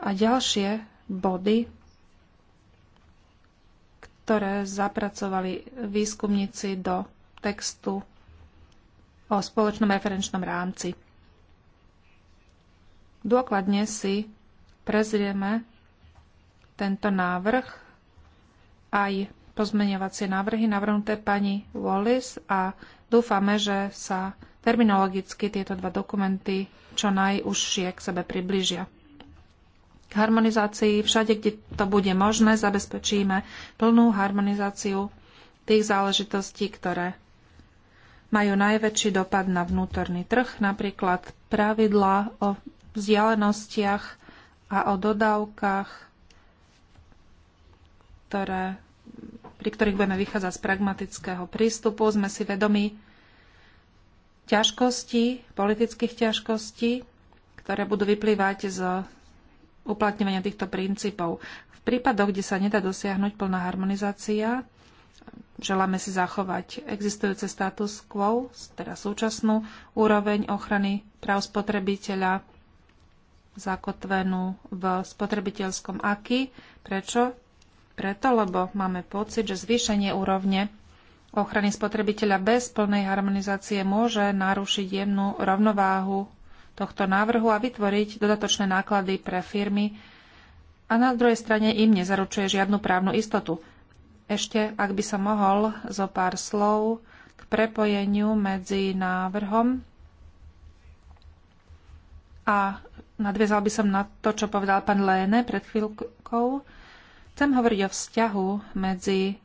a ďalšie body, ktoré zapracovali výskumníci do textu o spoločnom referenčnom rámci. Dôkladne si prezrieme tento návrh aj pozmeňovacie návrhy navrhnuté pani Wallis a Dúfame, že sa terminologicky tieto dva dokumenty čo najúžšie k sebe približia. K harmonizácii všade, kde to bude možné, zabezpečíme plnú harmonizáciu tých záležitostí, ktoré majú najväčší dopad na vnútorný trh, napríklad pravidla o vzdialenostiach a o dodávkach, ktoré pri ktorých budeme vychádzať z pragmatického prístupu. Sme si vedomi ťažkostí, politických ťažkostí, ktoré budú vyplývať z uplatňovania týchto princípov. V prípadoch, kde sa nedá dosiahnuť plná harmonizácia, želáme si zachovať existujúce status quo, teda súčasnú úroveň ochrany práv spotrebiteľa, zakotvenú v spotrebiteľskom aky. Prečo? preto, lebo máme pocit, že zvýšenie úrovne ochrany spotrebiteľa bez plnej harmonizácie môže narušiť jemnú rovnováhu tohto návrhu a vytvoriť dodatočné náklady pre firmy a na druhej strane im nezaručuje žiadnu právnu istotu. Ešte, ak by som mohol, zo pár slov k prepojeniu medzi návrhom a nadviezal by som na to, čo povedal pán Léne pred chvíľkou, Chcem hovoriť o vzťahu medzi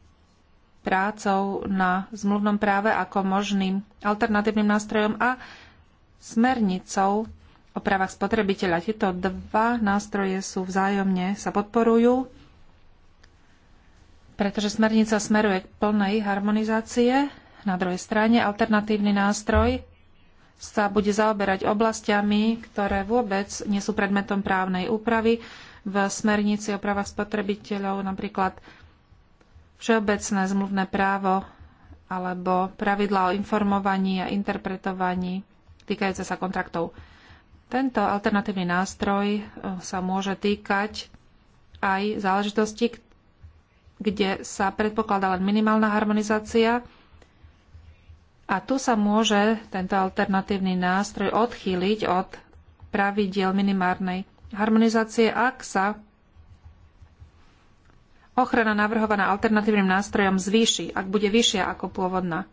prácou na zmluvnom práve ako možným alternatívnym nástrojom a smernicou o právach spotrebiteľa. Tieto dva nástroje sú vzájomne, sa podporujú, pretože smernica smeruje k plnej harmonizácie. Na druhej strane alternatívny nástroj sa bude zaoberať oblastiami, ktoré vôbec nie sú predmetom právnej úpravy, v smernici o právach spotrebiteľov, napríklad všeobecné zmluvné právo alebo pravidlá o informovaní a interpretovaní týkajúce sa kontraktov. Tento alternatívny nástroj e, sa môže týkať aj záležitosti, kde sa predpokladá len minimálna harmonizácia a tu sa môže tento alternatívny nástroj odchýliť od pravidiel minimárnej harmonizácie, ak sa ochrana navrhovaná alternatívnym nástrojom zvýši, ak bude vyššia ako pôvodná.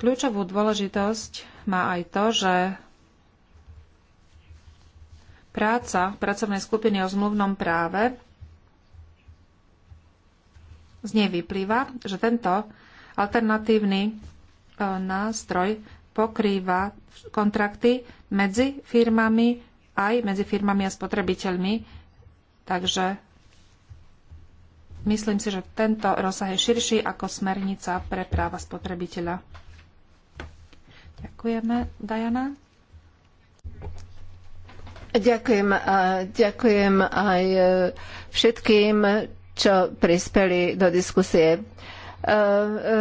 Kľúčovú dôležitosť má aj to, že práca pracovnej skupiny o zmluvnom práve z nej vyplýva, že tento alternatívny e, nástroj pokrýva kontrakty medzi firmami aj medzi firmami a spotrebiteľmi. Takže myslím si, že tento rozsah je širší ako smernica pre práva spotrebiteľa. Ďakujeme, Diana. Ďakujem a ďakujem aj e, všetkým, čo prispeli do diskusie. E,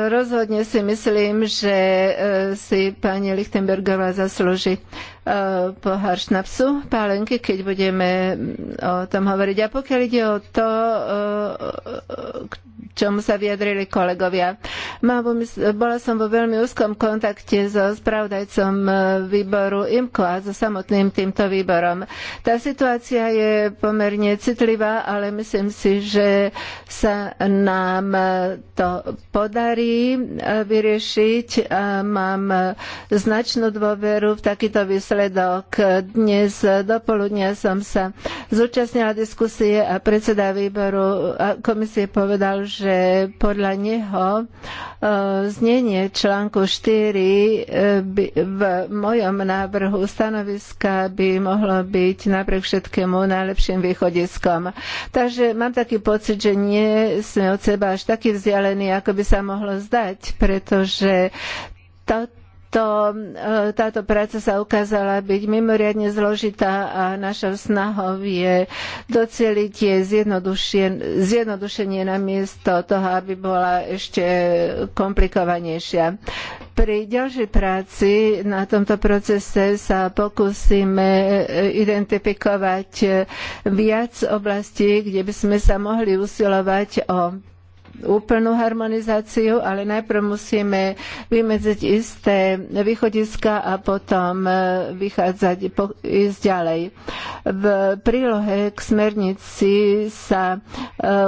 rozhodne si myslím, že e, si pani Lichtenbergová zaslúži Eh, pohár šnapsu, pálenky, keď budeme mm, o tom hovoriť. A pokiaľ ide o to, eh, k čomu sa vyjadrili kolegovia, bola som vo veľmi úzkom kontakte so spravodajcom eh, výboru IMKO a so samotným týmto výborom. Tá situácia je pomerne citlivá, ale myslím si, že sa nám to podarí vyriešiť. Mám značnú dôveru v takýto výsledok výsledok. Dnes poludnia som sa zúčastnila diskusie a predseda výboru komisie povedal, že podľa neho e, znenie článku 4 e, v mojom návrhu stanoviska by mohlo byť napriek všetkému najlepším východiskom. Takže mám taký pocit, že nie sme od seba až takí vzdialení, ako by sa mohlo zdať, pretože to, to, e, táto práca sa ukázala byť mimoriadne zložitá a našou snahou je doceliť je zjednodušenie namiesto toho, aby bola ešte komplikovanejšia. Pri ďalšej práci na tomto procese sa pokúsime e, identifikovať e, viac oblastí, kde by sme sa mohli usilovať o úplnú harmonizáciu, ale najprv musíme vymedziť isté východiska a potom e, vychádzať, po, ísť ďalej. V prílohe k smernici sa e,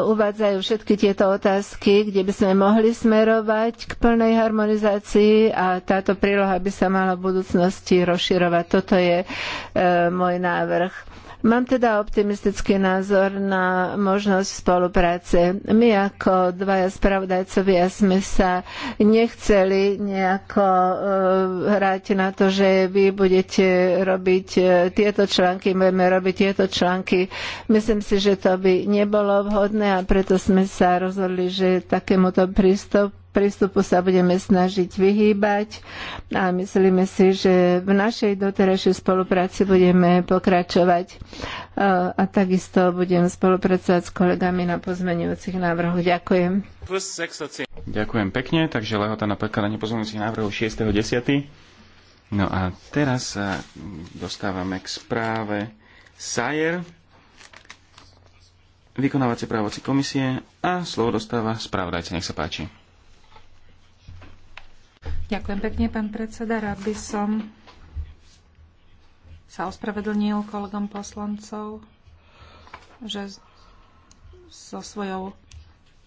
uvádzajú všetky tieto otázky, kde by sme mohli smerovať k plnej harmonizácii a táto príloha by sa mala v budúcnosti rozširovať. Toto je e, môj návrh. Mám teda optimistický názor na možnosť spolupráce. My ako dvaja spravodajcovia sme sa nechceli nejako e, hrať na to, že vy budete robiť e, tieto články, budeme robiť tieto články. Myslím si, že to by nebolo vhodné a preto sme sa rozhodli, že takémuto prístupu prístupu sa budeme snažiť vyhýbať a myslíme si, že v našej doterajšej spolupráci budeme pokračovať a takisto budem spolupracovať s kolegami na pozmenujúcich návrhoch. Ďakujem. Ďakujem pekne, takže lehota na prekladanie pozmenujúcich návrhov 6.10. No a teraz sa dostávame k správe Sajer, vykonávacie právoci komisie a slovo dostáva správodajca, Nech sa páči. Ďakujem pekne, pán predseda. Rád by som sa ospravedlnil kolegom poslancov, že so svojou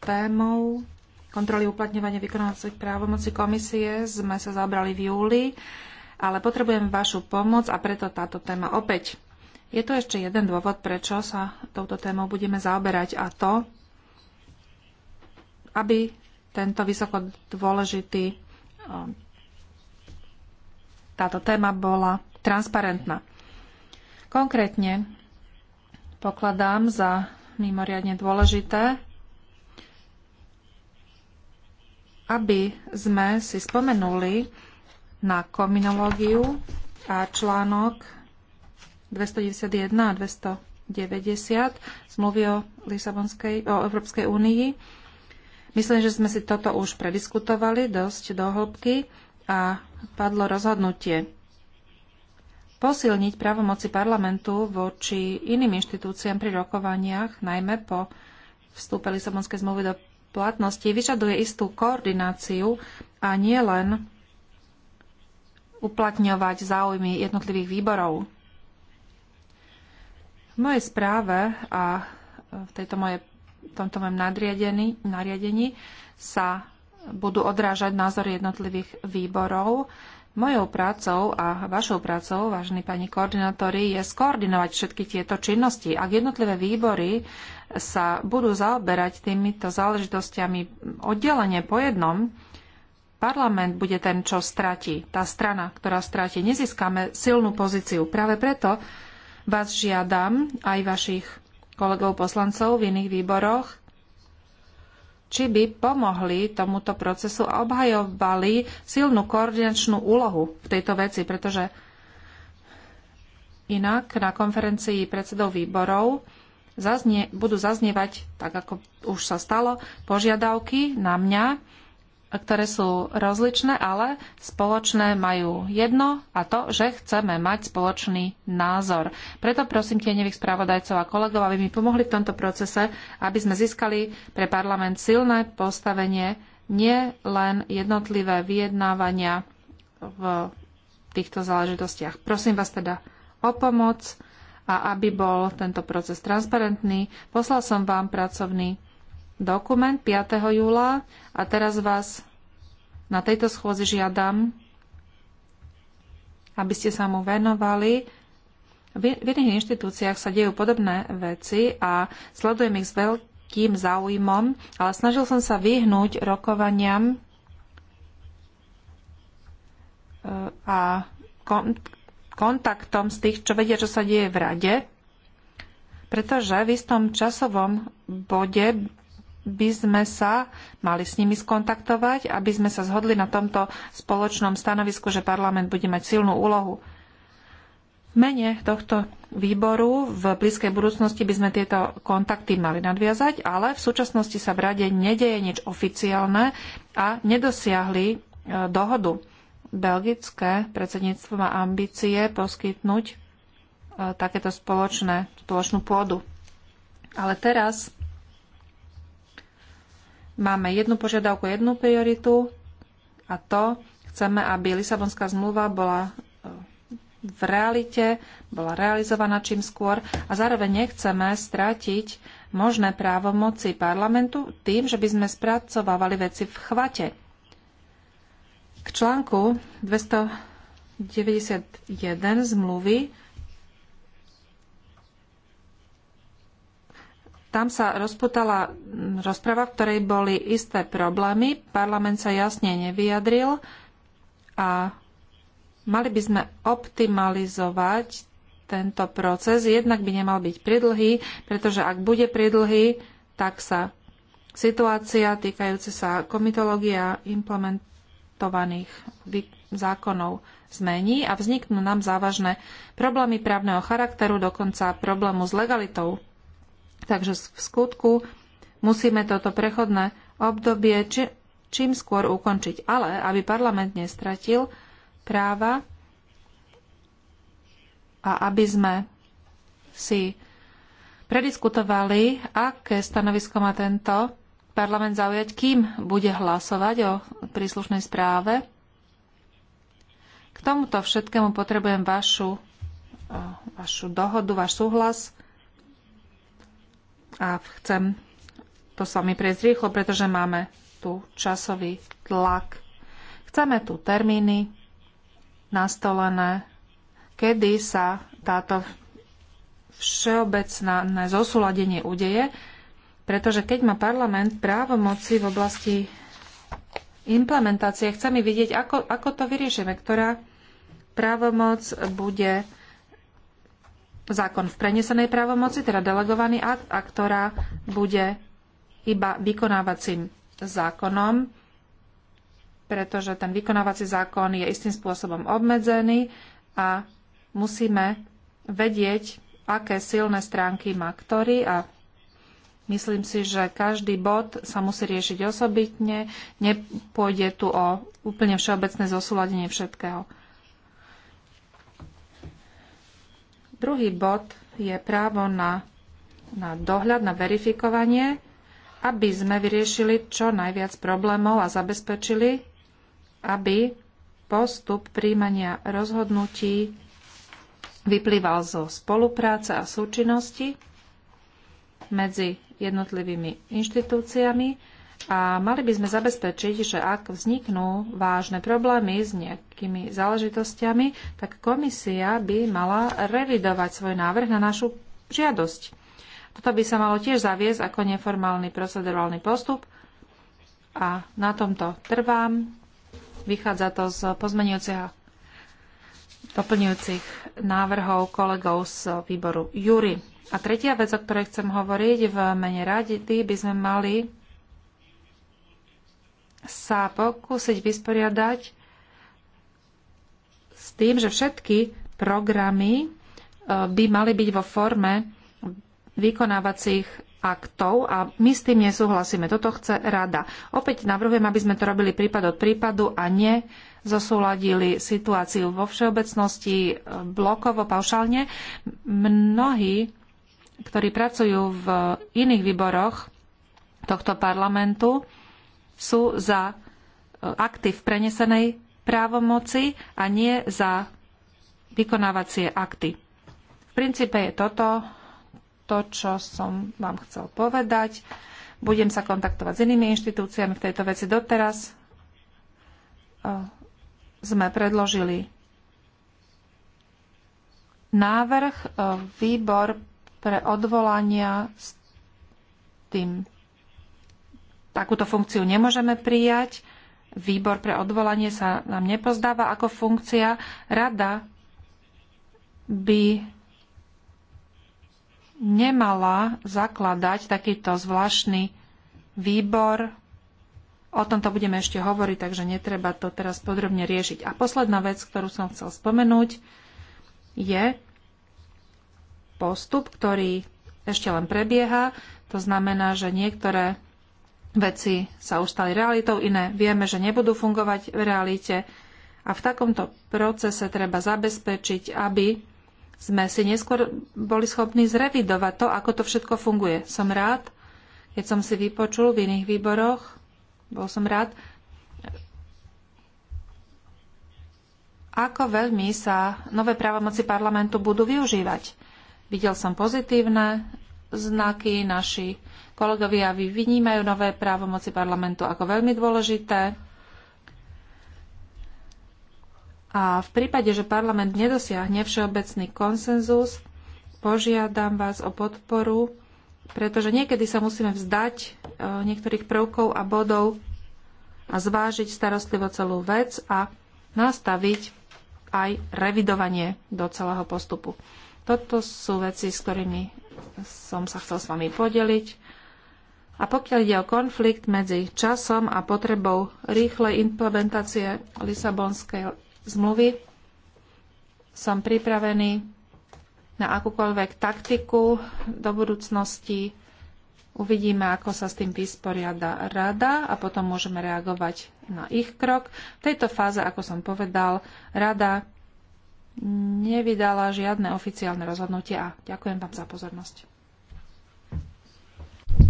témou kontroly uplatňovania vykonávacích právomocí komisie sme sa zabrali v júli, ale potrebujem vašu pomoc a preto táto téma opäť. Je tu ešte jeden dôvod, prečo sa touto témou budeme zaoberať a to, aby tento vysoko dôležitý táto téma bola transparentná. Konkrétne pokladám za mimoriadne dôležité, aby sme si spomenuli na kominológiu a článok 291 a 290 zmluvy o, o Európskej únii, Myslím, že sme si toto už prediskutovali dosť do hĺbky a padlo rozhodnutie posilniť právomoci parlamentu voči iným inštitúciám pri rokovaniach, najmä po vstúpe Lisabonskej zmluvy do platnosti, vyžaduje istú koordináciu a nie len uplatňovať záujmy jednotlivých výborov. V mojej správe a v tejto mojej tomto mojom nariadení sa budú odrážať názory jednotlivých výborov. Mojou prácou a vašou prácou, vážení pani koordinátori, je skoordinovať všetky tieto činnosti. Ak jednotlivé výbory sa budú zaoberať týmito záležitostiami oddelenie po jednom, parlament bude ten, čo stratí. Tá strana, ktorá stratí. Nezískame silnú pozíciu. Práve preto vás žiadam, aj vašich kolegov poslancov v iných výboroch, či by pomohli tomuto procesu a obhajovali silnú koordinačnú úlohu v tejto veci, pretože inak na konferencii predsedov výborov zaznie, budú zaznievať, tak ako už sa stalo, požiadavky na mňa, ktoré sú rozličné, ale spoločné majú jedno a to, že chceme mať spoločný názor. Preto prosím tieňových spravodajcov a kolegov, aby mi pomohli v tomto procese, aby sme získali pre parlament silné postavenie, nie len jednotlivé vyjednávania v týchto záležitostiach. Prosím vás teda o pomoc a aby bol tento proces transparentný, poslal som vám pracovný dokument 5. júla a teraz vás na tejto schôzi žiadam, aby ste sa mu venovali. V iných inštitúciách sa dejú podobné veci a sledujem ich s veľkým záujmom, ale snažil som sa vyhnúť rokovaniam eh, a kontaktom z tých, čo vedia, čo sa deje v rade, pretože v istom časovom bode by sme sa mali s nimi skontaktovať, aby sme sa zhodli na tomto spoločnom stanovisku, že parlament bude mať silnú úlohu. V mene tohto výboru v blízkej budúcnosti by sme tieto kontakty mali nadviazať, ale v súčasnosti sa v rade nedeje nič oficiálne a nedosiahli e, dohodu. Belgické predsedníctvo má ambície poskytnúť e, takéto spoločné, spoločnú pôdu. Ale teraz Máme jednu požiadavku, jednu prioritu a to chceme, aby Lisabonská zmluva bola e, v realite, bola realizovaná čím skôr a zároveň nechceme stratiť možné právomoci parlamentu tým, že by sme spracovávali veci v chvate. K článku 291 zmluvy Tam sa rozputala rozprava, v ktorej boli isté problémy. Parlament sa jasne nevyjadril a mali by sme optimalizovať tento proces. Jednak by nemal byť pridlhý, pretože ak bude pridlhý, tak sa situácia týkajúce sa komitológia implementovaných zákonov zmení a vzniknú nám závažné problémy právneho charakteru, dokonca problému s legalitou Takže v skutku musíme toto prechodné obdobie či, čím skôr ukončiť. Ale aby parlament nestratil práva a aby sme si prediskutovali, aké stanovisko má tento parlament zaujať, kým bude hlasovať o príslušnej správe. K tomuto všetkému potrebujem vašu, eh, vašu dohodu, váš súhlas a chcem to s vami prejsť rýchlo, pretože máme tu časový tlak. Chceme tu termíny nastolené, kedy sa táto všeobecné zosúladenie udeje, pretože keď má parlament právomoci v oblasti implementácie, chceme vidieť, ako, ako to vyriešime, ktorá právomoc bude zákon v prenesenej právomoci, teda delegovaný akt, a ktorá bude iba vykonávacím zákonom, pretože ten vykonávací zákon je istým spôsobom obmedzený a musíme vedieť, aké silné stránky má ktorý a myslím si, že každý bod sa musí riešiť osobitne, nepôjde tu o úplne všeobecné zosúladenie všetkého. Druhý bod je právo na, na dohľad, na verifikovanie, aby sme vyriešili čo najviac problémov a zabezpečili, aby postup príjmania rozhodnutí vyplýval zo spolupráce a súčinnosti medzi jednotlivými inštitúciami a mali by sme zabezpečiť, že ak vzniknú vážne problémy s nejakými záležitostiami, tak komisia by mala revidovať svoj návrh na našu žiadosť. Toto by sa malo tiež zaviesť ako neformálny procedurálny postup a na tomto trvám. Vychádza to z pozmenujúceho doplňujúcich návrhov kolegov z výboru Jury. A tretia vec, o ktorej chcem hovoriť v mene rady, by sme mali sa pokúsiť vysporiadať s tým, že všetky programy e, by mali byť vo forme vykonávacích aktov a my s tým nesúhlasíme. Toto chce rada. Opäť navrhujem, aby sme to robili prípad od prípadu a ne zosúladili situáciu vo všeobecnosti e, blokovo, paušálne. Mnohí, ktorí pracujú v iných výboroch tohto parlamentu, sú za e, akty v prenesenej právomoci a nie za vykonávacie akty. V princípe je toto to, čo som vám chcel povedať. Budem sa kontaktovať s inými inštitúciami v tejto veci. Doteraz e, sme predložili návrh. E, výbor pre odvolania s tým takúto funkciu nemôžeme prijať. Výbor pre odvolanie sa nám nepozdáva ako funkcia. Rada by nemala zakladať takýto zvláštny výbor. O tomto budeme ešte hovoriť, takže netreba to teraz podrobne riešiť. A posledná vec, ktorú som chcel spomenúť, je postup, ktorý ešte len prebieha. To znamená, že niektoré veci sa už stali realitou, iné vieme, že nebudú fungovať v realite. A v takomto procese treba zabezpečiť, aby sme si neskôr boli schopní zrevidovať to, ako to všetko funguje. Som rád, keď som si vypočul v iných výboroch, bol som rád, ako veľmi sa nové právomoci parlamentu budú využívať. Videl som pozitívne znaky, naši Kolegovia vynímajú nové právomoci parlamentu ako veľmi dôležité. A v prípade, že parlament nedosiahne všeobecný konsenzus, požiadam vás o podporu, pretože niekedy sa musíme vzdať e, niektorých prvkov a bodov a zvážiť starostlivo celú vec a nastaviť aj revidovanie do celého postupu. Toto sú veci, s ktorými som sa chcel s vami podeliť. A pokiaľ ide o konflikt medzi časom a potrebou rýchlej implementácie Lisabonskej zmluvy, som pripravený na akúkoľvek taktiku do budúcnosti. Uvidíme, ako sa s tým vysporiada rada a potom môžeme reagovať na ich krok. V tejto fáze, ako som povedal, rada nevydala žiadne oficiálne a Ďakujem vám za pozornosť.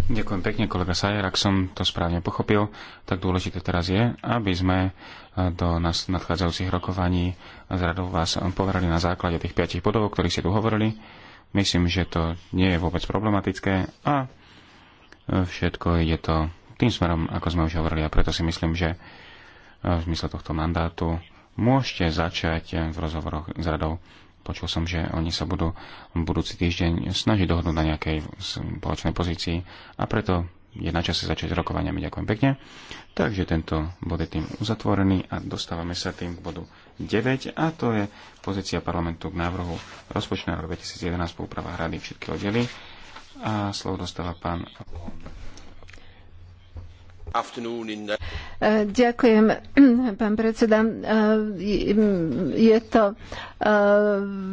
Ďakujem pekne, kolega Sajer. Ak som to správne pochopil, tak dôležité teraz je, aby sme e, do nás nadchádzajúcich rokovaní z radov vás poverali na základe tých piatich bodov, o ktorých ste tu hovorili. Myslím, že to nie je vôbec problematické a e, všetko ide to tým smerom, ako sme už hovorili a preto si myslím, že e, v zmysle tohto mandátu môžete začať v rozhovoroch s radou Počul som, že oni sa budú v budúci týždeň snažiť dohodnúť na nejakej spoločnej pozícii a preto je na čase začať rokovaniami. Ďakujem pekne. Takže tento bod je tým uzatvorený a dostávame sa tým k bodu 9 a to je pozícia parlamentu k návrhu rozpočtu na rok 2011 po úpravách rady všetky oddely. A slovo dostáva pán E, ďakujem, pán predseda. E, je to e,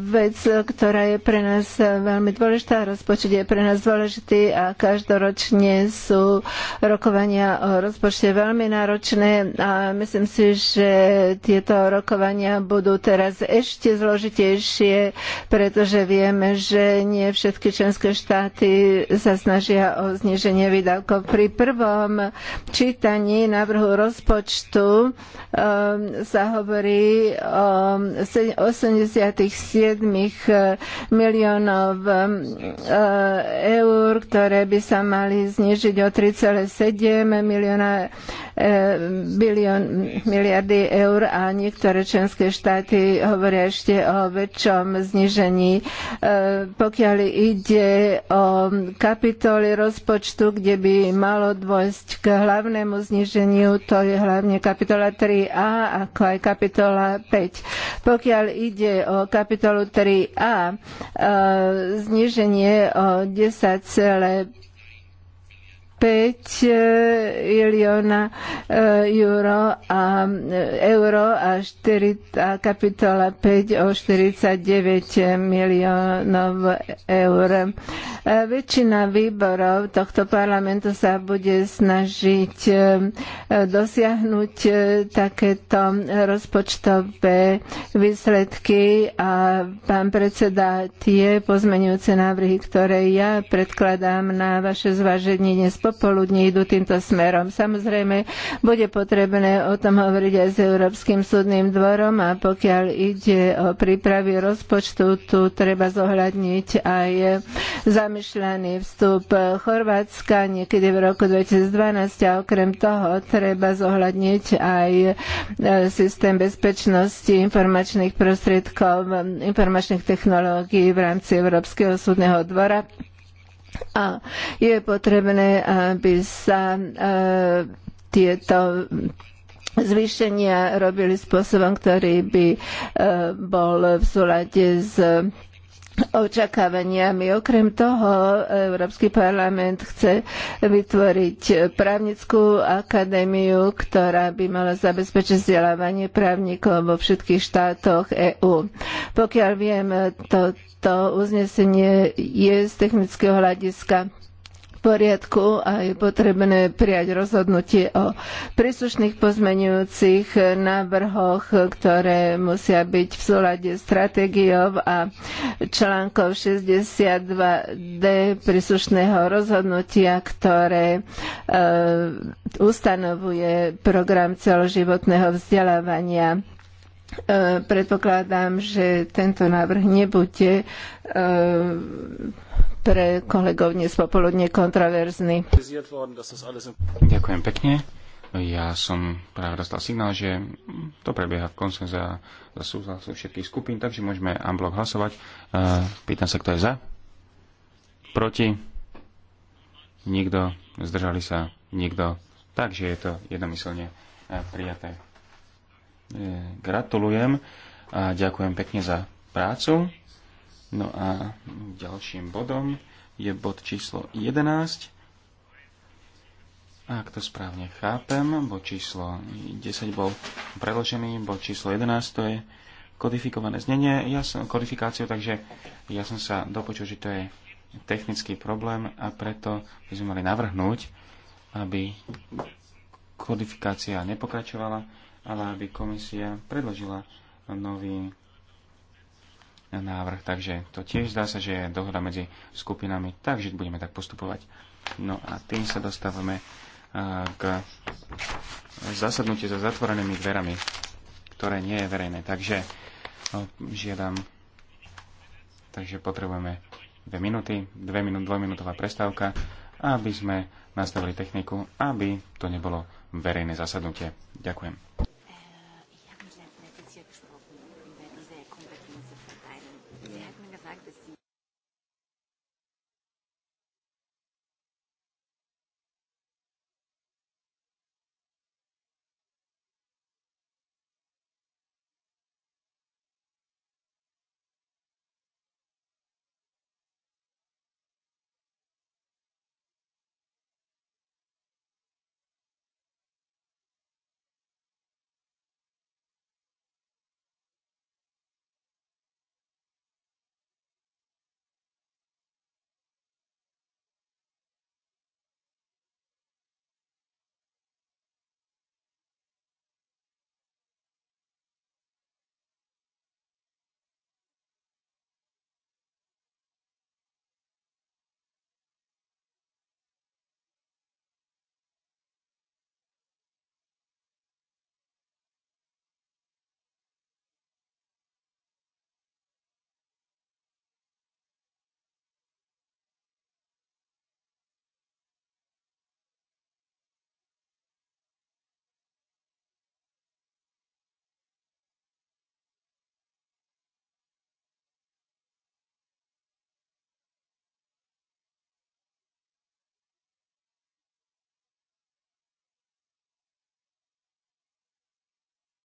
vec, ktorá je pre nás veľmi dôležitá. Rozpočet je pre nás dôležitý a každoročne sú rokovania o rozpočte veľmi náročné a myslím si, že tieto rokovania budú teraz ešte zložitejšie, pretože vieme, že nie všetky členské štáty sa snažia o zníženie výdavkov. Pri prvom čítaní návrhu rozpočtu um, sa hovorí o 87 uh, miliónov um, uh, eur, ktoré by sa mali znižiť o 3,7 milióna uh, bilión, miliardy eur a niektoré členské štáty hovoria ešte o väčšom znižení. Pokiaľ ide o kapitoly rozpočtu, kde by malo dôjsť k hlavnému hlavnému zniženiu, to je hlavne kapitola 3a, ako aj kapitola 5. Pokiaľ ide o kapitolu 3a, e, zniženie o 10,5 5 milióna eh, eh, euro a, eh, euro a, 4, a kapitola 5 o 49 miliónov eur. Väčšina výborov tohto parlamentu sa bude snažiť dosiahnuť takéto rozpočtové výsledky a pán predseda tie pozmenujúce návrhy, ktoré ja predkladám na vaše zváženie dnes popoludní idú týmto smerom. Samozrejme, bude potrebné o tom hovoriť aj s Európskym súdnym dvorom a pokiaľ ide o prípravy rozpočtu, tu treba zohľadniť aj zamýšľaný vstup Chorvátska niekedy v roku 2012 a okrem toho treba zohľadniť aj e, systém bezpečnosti informačných prostriedkov, e, informačných technológií v rámci Európskeho súdneho dvora a je potrebné, aby sa e, tieto zvýšenia robili spôsobom, ktorý by e, bol v súlade s očakávaniami. Okrem toho, Európsky parlament chce vytvoriť právnickú akadémiu, ktorá by mala zabezpečiť vzdelávanie právnikov vo všetkých štátoch EÚ. Pokiaľ viem, toto uznesenie je z technického hľadiska poriadku a je potrebné prijať rozhodnutie o príslušných pozmenujúcich návrhoch, ktoré musia byť v súlade s stratégiou a článkov 62d príslušného rozhodnutia, ktoré e, ustanovuje program celoživotného vzdelávania. E, predpokladám, že tento návrh nebude e, pre kolegov dnes popoludne kontroverzný. Ďakujem pekne. Ja som práve dostal signál, že to prebieha v konsenze za, za súhlasu všetkých skupín, takže môžeme unblock hlasovať. Eh, pýtam sa, kto je za? Proti? Nikto? Zdržali sa? Nikto? Takže je to jednomyselne eh, prijaté. Eh, gratulujem a ďakujem pekne za prácu. No a ďalším bodom je bod číslo 11. Ak to správne chápem, bod číslo 10 bol preložený, bod číslo 11 to je kodifikované znenie, ja som, kodifikáciu, takže ja som sa dopočul, že to je technický problém a preto by sme mali navrhnúť, aby kodifikácia nepokračovala, ale aby komisia predložila nový návrh. Takže to tiež zdá sa, že je dohoda medzi skupinami, takže budeme tak postupovať. No a tým sa dostávame k zasadnutie za zatvorenými dverami, ktoré nie je verejné. Takže no, žiadam, takže potrebujeme dve minúty, dve minút, dvojminútová prestávka, aby sme nastavili techniku, aby to nebolo verejné zasadnutie. Ďakujem.